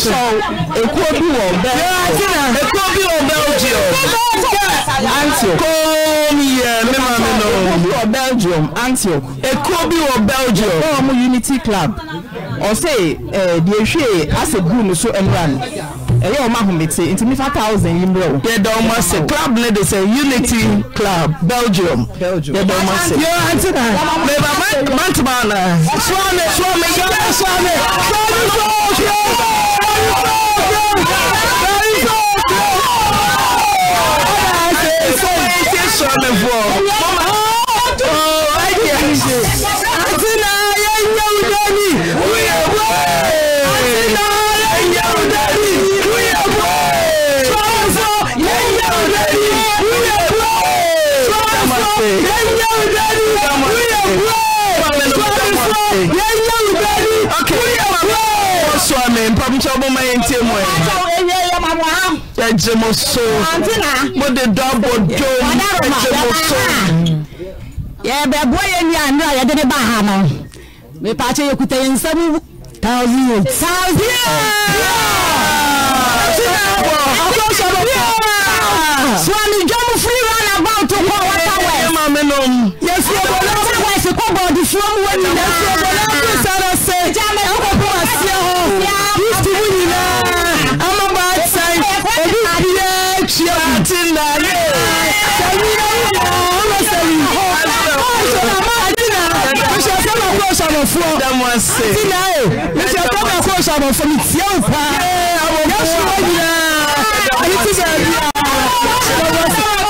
so ekuo bi wɔ bɛɛ ekuo bi wɔ belgium Antio. koom yɛ mema me no ekuo bi wɔ belgium antioch ekuo bi wɔ belgium wɔn mo unity club ɔsɛ ɛɛ deɛ ehwie asɛ gu mu so ɛnura no ɛyɛ ɔmo ahomete nti nifa thousand yi mmerɛ o. yɛda ɔmo ase club ne de sɛ unity club belgium yɛda ɔmo ase. yɛ ante na mɛba mantoma na. suwame suwame suwame suwame suwame suwame. yẹn yẹ olùbẹ ni wúni ẹ wọ. sọ mi mpamkyɛw bɔ ma yɛ ntie mu ɛ ɛgye mo so mode dɔ abɔ dom ɛgye mo so yɛbɛboa yɛ nua ne a yɛde ne ba ha no mepakyɛ yɛkuta yɛ nsɛm thousand eight thousand eight suami dwamfo to kɔ wata wɛ. ɛ ma mi nom. yasi ebo lɛ wata wɛ si ko bɔdi fiyewu wɛ ni dɛ. yasi ebo lɛ ti sara se. jaabe ko ko wa se hɔ. yasi mu nyinaa. ama ba ta yi. ebi biya tiɲɛ. paati na ye. sɛbi yɛ wu na ɔmɛ sɛbi. ɔsɛ na ma ti na. misɛ sɛbɛ ko sɔmɔfɔ. damase. ti na ye. misɛ sɛbɛ ko sɔmɔfɔ mi tiɲɛ o pa. yasi mu nyinaa. ayi ti bɛ bi a. sɔmɔfɔ.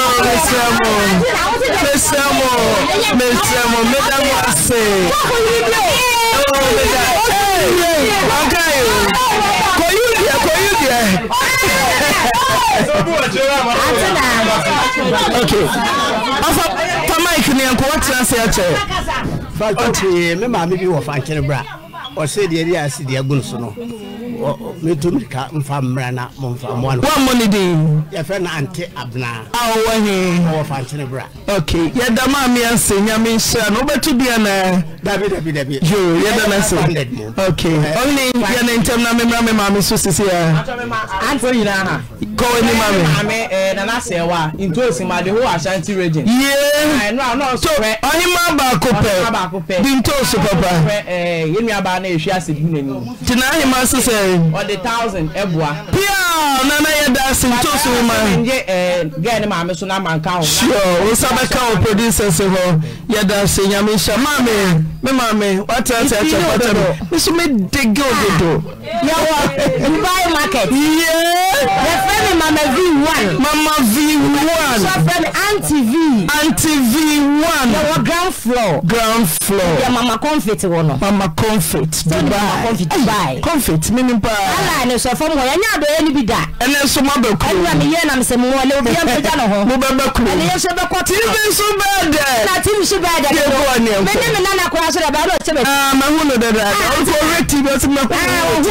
mesemo mesemo mesemo medamu ase oh meda hey ọ̀gá yìí kò yí diẹ kò yí diẹ. okay ọfọ fa mic ni ẹnkọ wọ́n tẹ̀lé ṣe ẹ̀kyẹ́. fàtọ́ ti mi maame bi wọ fankyẹ́ni bra ọ̀sẹ̀ diẹ di a si diẹ gun so no metumi ka mfa mmerɛ na momfa mmoa no wammɔ ne din yɛfrɛ no ante abnaa a wɔwɔ he wɔwɔ bra ok yɛda ma meɛnse nyame nhyira no wobɛto bia na dabi dabi dabi yo yɛda no se ok ɔne eh, yɛne ntɛm na memmra me maame so sisi a kọ́ ẹni máa mi. maame ẹ nana sẹwa ntòsí màdìhó ashanti region. yéé so ọ̀hín máa baako pẹ̀ di ntòsí papa. yẹn mi aba náà ehwi ase bi n'ani. tìǹà ahìn máa sísẹ. ọ̀dẹ̀ thousand ẹ̀ bùa. pia nana yẹ da si ntòsí wọn ma. pàtàkì ǹjẹ́ ẹ gẹ́ẹ̀ ni maame so náà máa ń ká wọn. sure wọ́n sábẹ́ ká wọn producers hɔ yẹ da si nyàmé nhyɛ maame mi maame wàá tẹ́ ẹ tẹ́ ẹ tẹ́ ẹ pàtàkì yẹwọ dubai market. yẹ fẹ́ mi mama v one. mama v one. sọ fẹ́ mi aunty v. aunty v one. yẹwọ ground floor. ground floor. yẹ mama Comfort wọ mama Comfort. dubai. mama Comfort. dubai. comfit mi ni pa. ala ni sọ fún mi yẹn ní àdó yẹn níbi da. ẹni sọ ma bẹ kúrò. ẹni wà mí yẹn nà mí sẹ mu wọlé obi yẹn pẹjá nà họ. mo bẹ bẹ kúrò. ẹni yẹn sọ bẹ kọ tó. tv sọ bẹẹ dẹ. na tv sọ bẹẹ dẹ. yẹ bọ ọ ní ẹ kọ. mi ní mi nana kura sọ dẹ bàbá ló tẹ bẹ. aa mẹ hun no dẹ dẹ. àwọn kò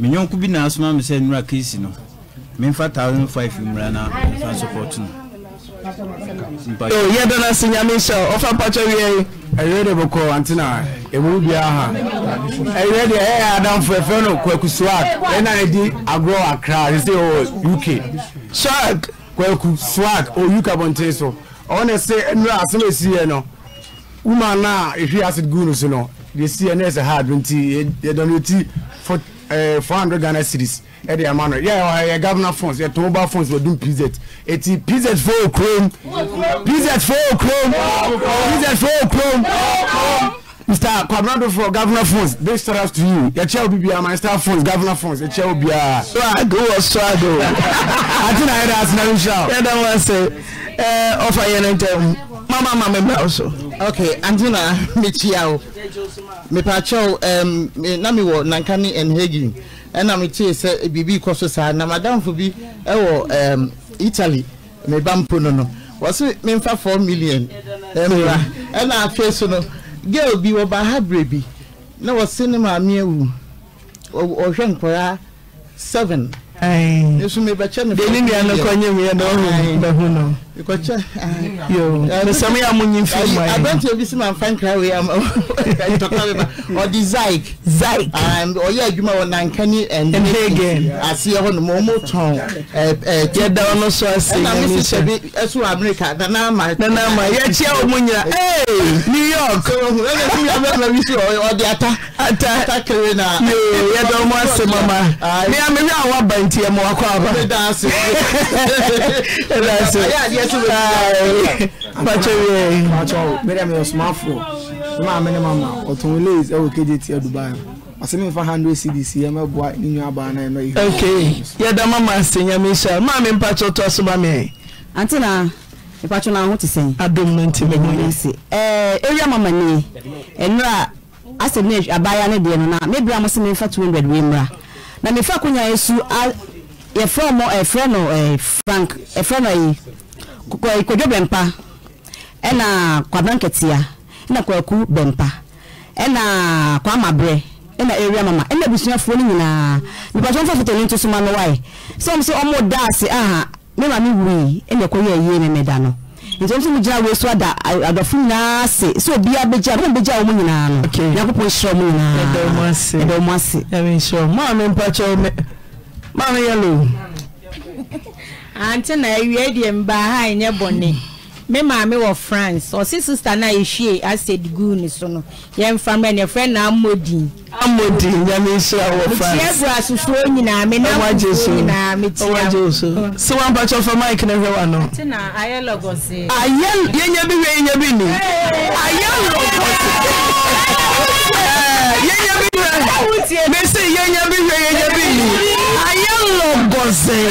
menyɔnko bi naasoma me sɛ nnura kesi no memfa 1005 mmra no fa support no yɛdɔ eh, eh, no se nyame nhyɛ ɔfa mpatwɛ wiei ɛwerɛ deɛ bɛkɔ ante na ɛmu biara ha ɛwerɛ deɛ ɛyɛ adamfo ɛfrɛ no kwaku swag ɛna ɛdi agorɔ akra sɛ ɔwɔ uk swag kwaku swag ɔ uk abɔnten so ɔwɔ ne se asɛm ɛsiiɛ no woman na ehwi acid gu no so no de si ɛna ɛsɛ hard nti yɛdɔnɔti four four hundred ghana series ɛde ama no yɛ yɛ governor funds yɛ tomoba funds wɔ dum pz eti pz for okurom pz for okurom pz for okurom mr kwabrado for governor funds big shout out to you yɛkyɛ wo bibiara my star funds governor funds yɛkyɛ wo biara. swag wɔ swag o. ati na yɛ de asena n ṣe o. yɛ dɛ wɔn sɛ ɛ ɔfa yɛn ntɛm mama mama mbra also. okay ante na mekyia wo mepaakyɛw um, e na mewɔ nanka ne nhagi ɛna metee sɛ e biribi kɔ so saa na madamfo bi ɛwɔ e um, italy meba mpo no no wɔse memfa four million mbra ɛna afei so no girl bi wɔba ha berɛ bi na wɔse ne maame awu ɔhwɛ nkɔraa 7 nso mebɛkyɛ no de ne nua no kɔnyɛ wiɛ na ɔhu no ikɔkyɛ mesɛm yɛ monye mfiri aberanteɛ bi se mamfa nkra wei tɔka beba ɔde zik zik ɔyɛ adwuma wɔ nanka ne ndegen aseɛ hɔ nom ɔmotɔn yɛda no so asenamesesɛbi ɛso wɔ amerika nanama yɛkyia wɔ mu nyina new york ɔde ata ata kere na yɛdɔ mu ase mama mea mehwɛ a woaba nti ɛma wakɔ aba ɛda ase mɛdɛmeyɛ ɔsomafoɔ ma mene mama ɔtɔn lays ɛwɔ kgt adubai ɔsɛ mefa 100 cdc ɛmɛboa ne nwa baa na ɛnɔ ok yɛda mama sɛ nyame hyia ma mempakyɛ ɔtɔ so ba me ante na mepatwɛ no ho te sɛn adom no nti mɛmɔyɛse ɛwia mama nie ɛnora asɛm no abaya no deɛ no na mebra mo sɛ memfa 200 wei mmra na mefa akonya ɛsu yɛfrɛ eh, mɔ eh, ɛfrɛ no eh, frank ɛfrɛ no ayi kwadwo bɛmpa ɛna kwabra nketea ɛna kwaku bɛmpa ɛna kwama na ɛna area mama ɛna abusuafoɔ no nyinaa mipatɔ nfa foto nto so ma no wae sɛ ɔmo sɛ ɔmo da ase aha me maame wui ɛna no nti mo gyina ada adɔfo nyinaa ase sɛ obi ɔmo nyinaa no nhyira ɔmo nyinaa ɔmo ase ɔmo ase ante na awie deɛ ha nyɛ bɔne me maame france ɔsi sista na ehwie gu ne so no na amodin. amodin nyame nhyia wɔ france. metia gu asusuo nyinaa me nam fufuo nyinaa so na ayɛ lɔgɔsi. ayɛ yɛnyɛ bi hwɛ yɛnyɛ bi ni bi bi ni. ayé lọgọsẹ.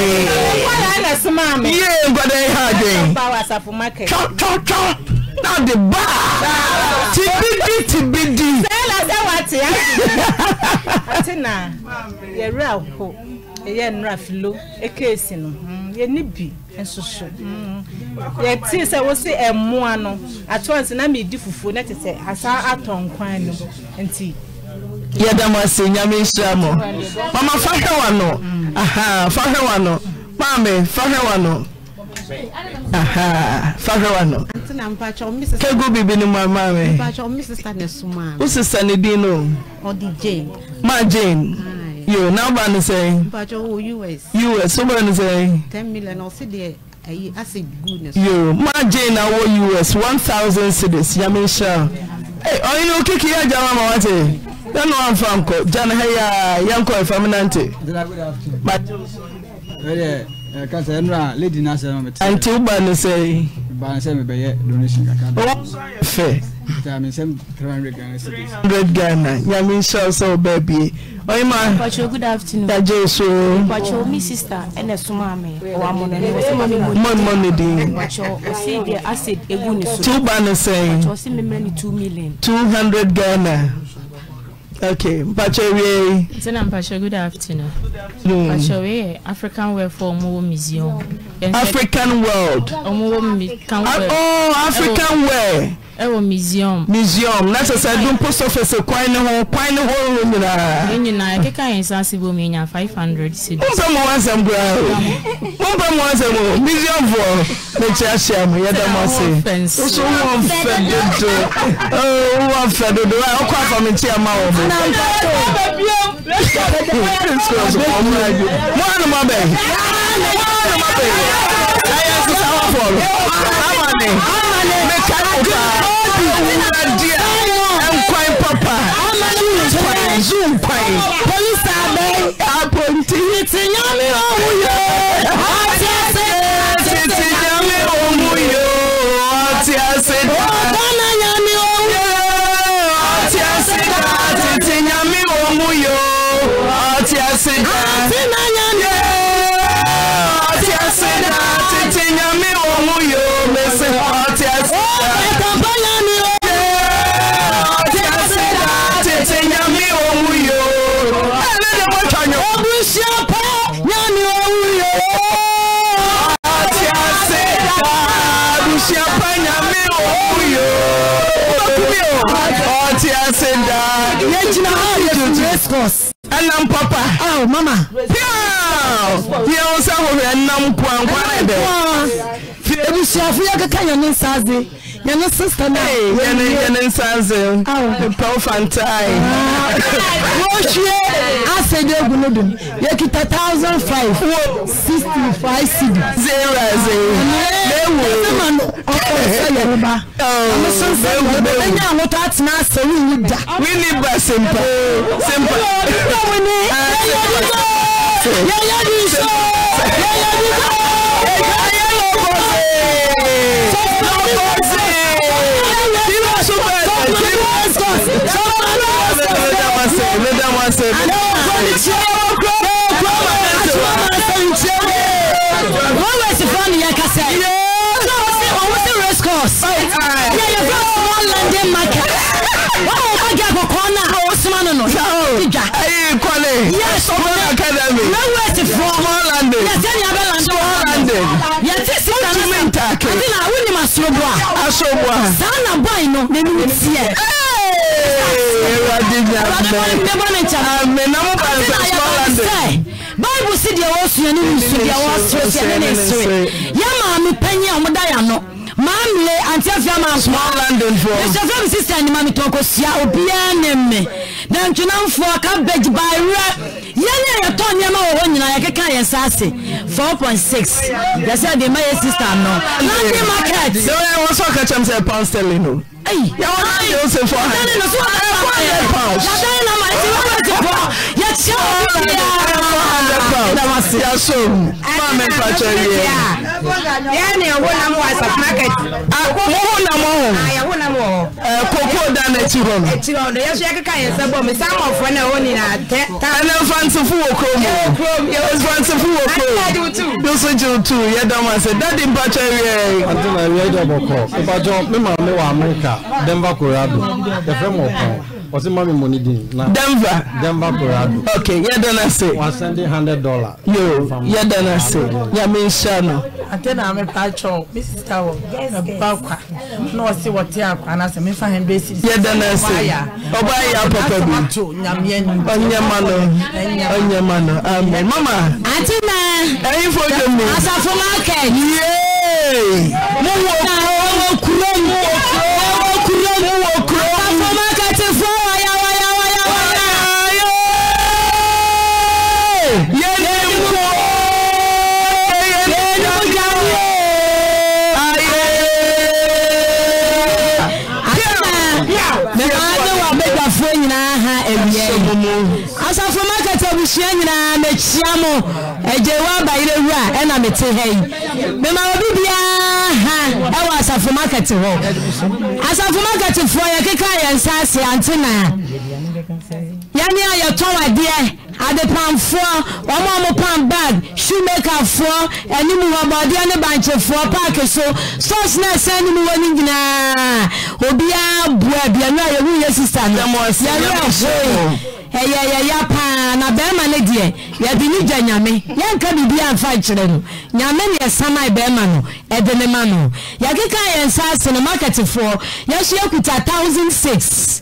nkwadaa ẹ na suma mi. iye nkwadaa ẹ ha dẹ. ọba wa asafo market. tọ́tọ́tọ́ náà di báà. tibidi tibidi. sẹ́lá sẹ́ wà á ti á ti náà. àti náà yẹ̀rù àhó ẹ̀yẹ nnura filo ekeesi no e yẹ níbi nsoso yẹ ti sẹ wosi ẹmua no ato ọsẹ náà mi di fufuo náà ti sẹ asa atọ nkwan no e nti yɛda mu ase nyame nhyira mo mama fa hwɛ wa no aha fa hwɛ wa no maame fa hwɛ wa no aha fa hwɛ wa no kegu bibi ni mu maame wo sisa ne din no ma jane yo na woba ne sɛn us woba ne sɛn yo ma jane na wɔ us one thousand cities nyame nhyira ɔyene wo keke yɛ agya mama wate na ne wamfa nkɔ gya ne ha yɛ a yɛnkɔ ɛfa me nante kasa ɛnura lady na asɛm mete anti woba ne sɛ ba ne sɛ mebɛyɛ donation kakra oh, fɛ 300 Ghana. Nyame nhyɛ sɛ ɔbaa bie. Ɔyima. Pɔtɔ good afternoon. Dagye so. Pɔtɔ mi sista ɛna suma mi. Ɔwɔ amuna ne wɔsi ma mi mo. Mo mo ne din. Pɔtɔ ɔsi de acid egu ne so. Two ba ne sɛn. Pɔtɔ mi mɛ ni two million. 200 Ghana. Okay, Mpacho Wei. Tina Mpacho, good afternoon. Mm. Mpacho Wei, African World for Omowo Museum. African World. Omowo African World. Ah, oh, African World ɛwɔ museum. museum na sɛ sɛ dun post office kwan ne ho kwan ne ho ro nyinaa. ne nyinaa keka yɛn nsa si bɔ mu yɛnya five hundred cedis. mpɛ mu wansɛm kura o mpɛ mu wansɛm o museum fo ne kyerɛ ahyia mu yɛda mu ase woso wɔn fɛ dodo oh, wɔn fɛ dodo a ɔkɔ afɔmikyia ma wɔ mu. mo anum abɛ mo anum abɛ. I'm a awful amane meka kuka ewura dia nkwan papa nkwan zoom kwan polisi abẹ aponti titi nyami ohun yo ọtí ẹsẹ titi a ohun yo ọtí ẹsẹ ọgbọnà nyami ohun yo ọtí ẹsẹ titi nyami ohun yo ọtí ẹsẹ. ti ase daa. yẹn gyina hɔ yɛ fún race course. ɛnam papa. aw mama. piaw yẹn wọn sẹ wọn yẹn nam kwan kwan dɛ. yɛ keka yɛn ne nsa ase yɛne sista no yɛne nsanse pɛw fantae wɔhwie asɛ de agu no dom yɛkita 1005 65 cd zera zeɛwɔsɛma no ɔkɔ sɛ yɛreba ɔmesonsɛbɛnya ahotɔ atena asɛ wonyi da wini ba sempa sempa yɛyɛ bi so yɛyɛ bi so yɛyɛ bi so Yes, Academy. No, where's it from? Small landing. Yes, then you have a landing. Small landing. Yes, nti na wo nim asoroboa asoroboa saa na boy no na nim tiɛ awurade nya mɛ bible si deɛ wɔsua ne nsu deɛ wɔsoro sɛ ne ne nsere yɛ maame panyin a ɔmoda yɛ ano maamele antiafia maasoma mehyɛ fam sista ne ma metɔnkɔsua obiaa ne mme na ntwenamfoɔ cabbage bayerɛ yɛne a yɛtɔ nneɛma wɔ hɔ nyinaa yɛkeka yɛ sa ase 4.6 yɛsɛ de ma yɛ sister no london market wɔ sɛ ɔka kyɛm sɛ pound sterling no yɛwɔ na yɛwo sɛ 400 pounds ti asom maa mi nfa kyɛ yie. yẹn ni ɛwọ nam wɔ asap market. a muhu nam ɔhún. a yɛhu nam wɔ. ɛɛ koko da n'akyi hɔ no. akyi hɔ no yɛsɔ yɛkeka yɛn nsa bɔ mi sámɔfo na ɛwɔ nyinaa tɛ. ɛnɛ nfantefo wɔ kurom. yɛwɔ kurom yɛwɔ nfantefo wɔ kurom. ɛnɛ gyew tu. nso gyew tu yɛ dam ase dadi nfa kyɛ yie. ante na wiye dɛ bɔkɔ ìbàjɔ mi maa mi wɔ amerika denver colorado yɛfɛ mɔ kɔn. What's mommy money din? Denver. Denver, Colorado. Okay, yeah, then I say. One sending hundred dollar. Yo, yeah, then I say. Yeah, me shano. And then I'm a patcho, Mrs. Tower. Yes, yes. No, see what they are, and I say, me find basis. Yeah, then I say. Obaya, oh, Papa. Onyamano. Onyamano. Amen. Mama. Atina. Ẹyin fojú mi. Asafo market. Yéé! Mo wọ kúrò mo wọ kúrò mu. mu ɛgye wa aba wura ɛna mi te ha yi mema obi biara ha ɛwɔ asafo market hɔ asafo market foɔ yɛ keka yɛ nsa ase ante yanni a yɛtɔ wadeɛ adepanfoɔ wɔn a wɔpan bag shoemakerfoɔ anim wɔ bɔdeɛ ne bankyefoɔ paaki so sɔɔsi na ɛsɛn no wɔ ne nyinaa obiara bu aduane a yɛwu yɛ sista no yɛwu ɛfoyi ɛyɛ yɛya paa na bɛrima no deɛ yɛde ne gya nyame yɛnka biribi amfa nkyerɛ no nyame ne yɛsanae bɛrima no ɛde ne ma no yɛkeka yɛn nsa ase no marketfoɔ yɛso yɛkuta thousand six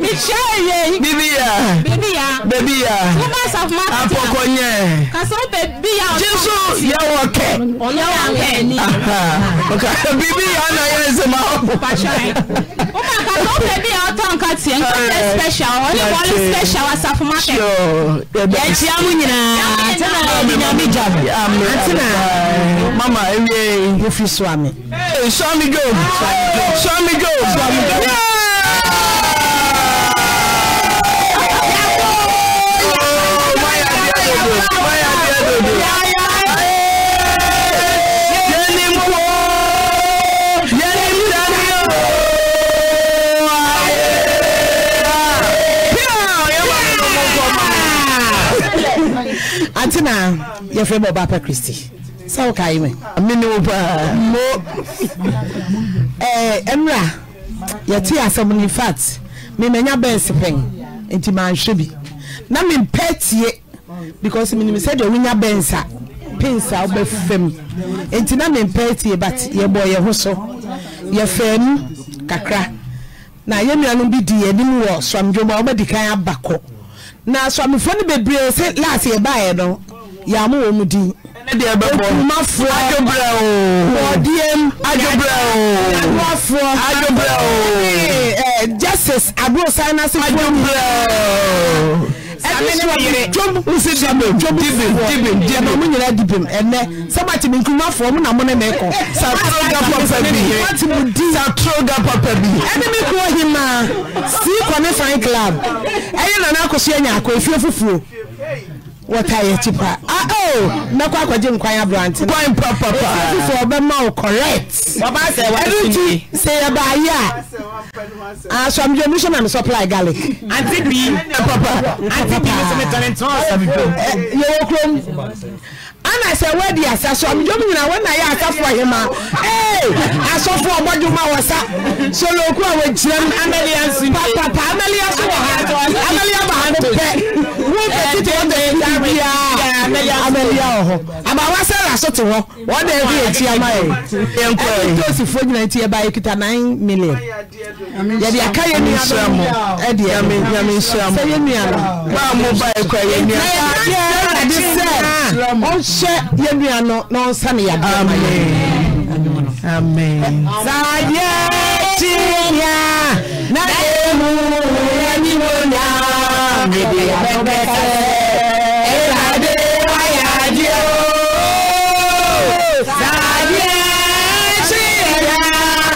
Michelle yɛ. Bibi ya. Bibi ya. Bibi ya. Women's of marketing. Apɔkɔnyɛ. Kasɔn bibi ya. Jesu yɛ wɔ kɛ. Yɛ wɔ kɛ. Bibi ya na yɛ nsɛmá. E. Wọ́n kasɔn bibi ya ɔtɔ nka tiɛ e. nka tɛ e special ɔni wɔli special asafo market. Yɛ ti amu nyinaa. Ati na yɛ di nyami jabu. Ati na. Mama ewie. Wofi swami. Ee swami Job. Ah. Swami Job. Swami Job. nti na yɛfrɛ bɛ ɔbaapa kristi sɛ wokae me mene wo paa mo ɛnura eh, yɛte asɛm no infact memanya bɛɛse pɛn nti manhwɛ bi na mempɛ tie because menim sɛdeɛ wonya bɛnsa pinsa wobɛfam nti na mempɛ tie but yɛbɔ yɛ ho so yɛfɛɛ mu kakra na yɛn nuanom bi di anim wɔ swamdwom a wɔbɛdi kan aba na swamfoɔ no bebree sɛ laase yɛbaeɛ no yàmú wò mu din. ɛdeɛ bɛ bɔ okumafoɔ adwobrɛ o bɔdeɛm adwobrɛ o ɛnuafoɔ adwobrɛ o ɛɛ justice aburo sainasi fún mi adwobrɛ o ɛmu nyinaa dibem ɛnɛ sabati mi nkuma fɔ mu na mu ne mɛkɔ. satroga papa bi satroga papa bi. ɛni mi kú ohima sii kɔni fan club ɛyẹ nana akɔsi ɛnyà akɔ efie fufuo wɔta yɛ ti pa ah oh mɛkɔ akɔgye nkwan aberante no kwan papapa ɛsɛ sɛ ɔbɛma wo correct baba sɛ ɛno nti sɛ yɛba ayɛ a asɔmdwe mu so na me supply garlic ante bi papa ante bi sɛ metɔne ntɔn asɔmdwom yɛwɔ kurom ana sɛ wadi asa so amdwom nyina wɔna yɛ asafoɔ hema ee asɔfo ɔbɔdwoma wɔ sa soloku a wɔgyinam amelia nsi papapa amelia so wɔ ha amelia ba ha no pɛ wọn bɛ titi wọn bɛ titi bia amɛlia wɔ hɔ abawa sɛra so te hɔ wɔn de ebi eti ama yɛ ɛbi tosi fo nyina eti ɛba ekita nine million yɛde aka yɛ nua no ɛdi ɛmi ɛmi nsiramu sɛ yɛ nua no baa mo ba ekura yɛ nua no yɛ adi sɛ ɔnhyɛ yɛ nua no na ɔnsa ne yadu ama yɛ amen. Sadiya tiya na emu. Maybe I know better.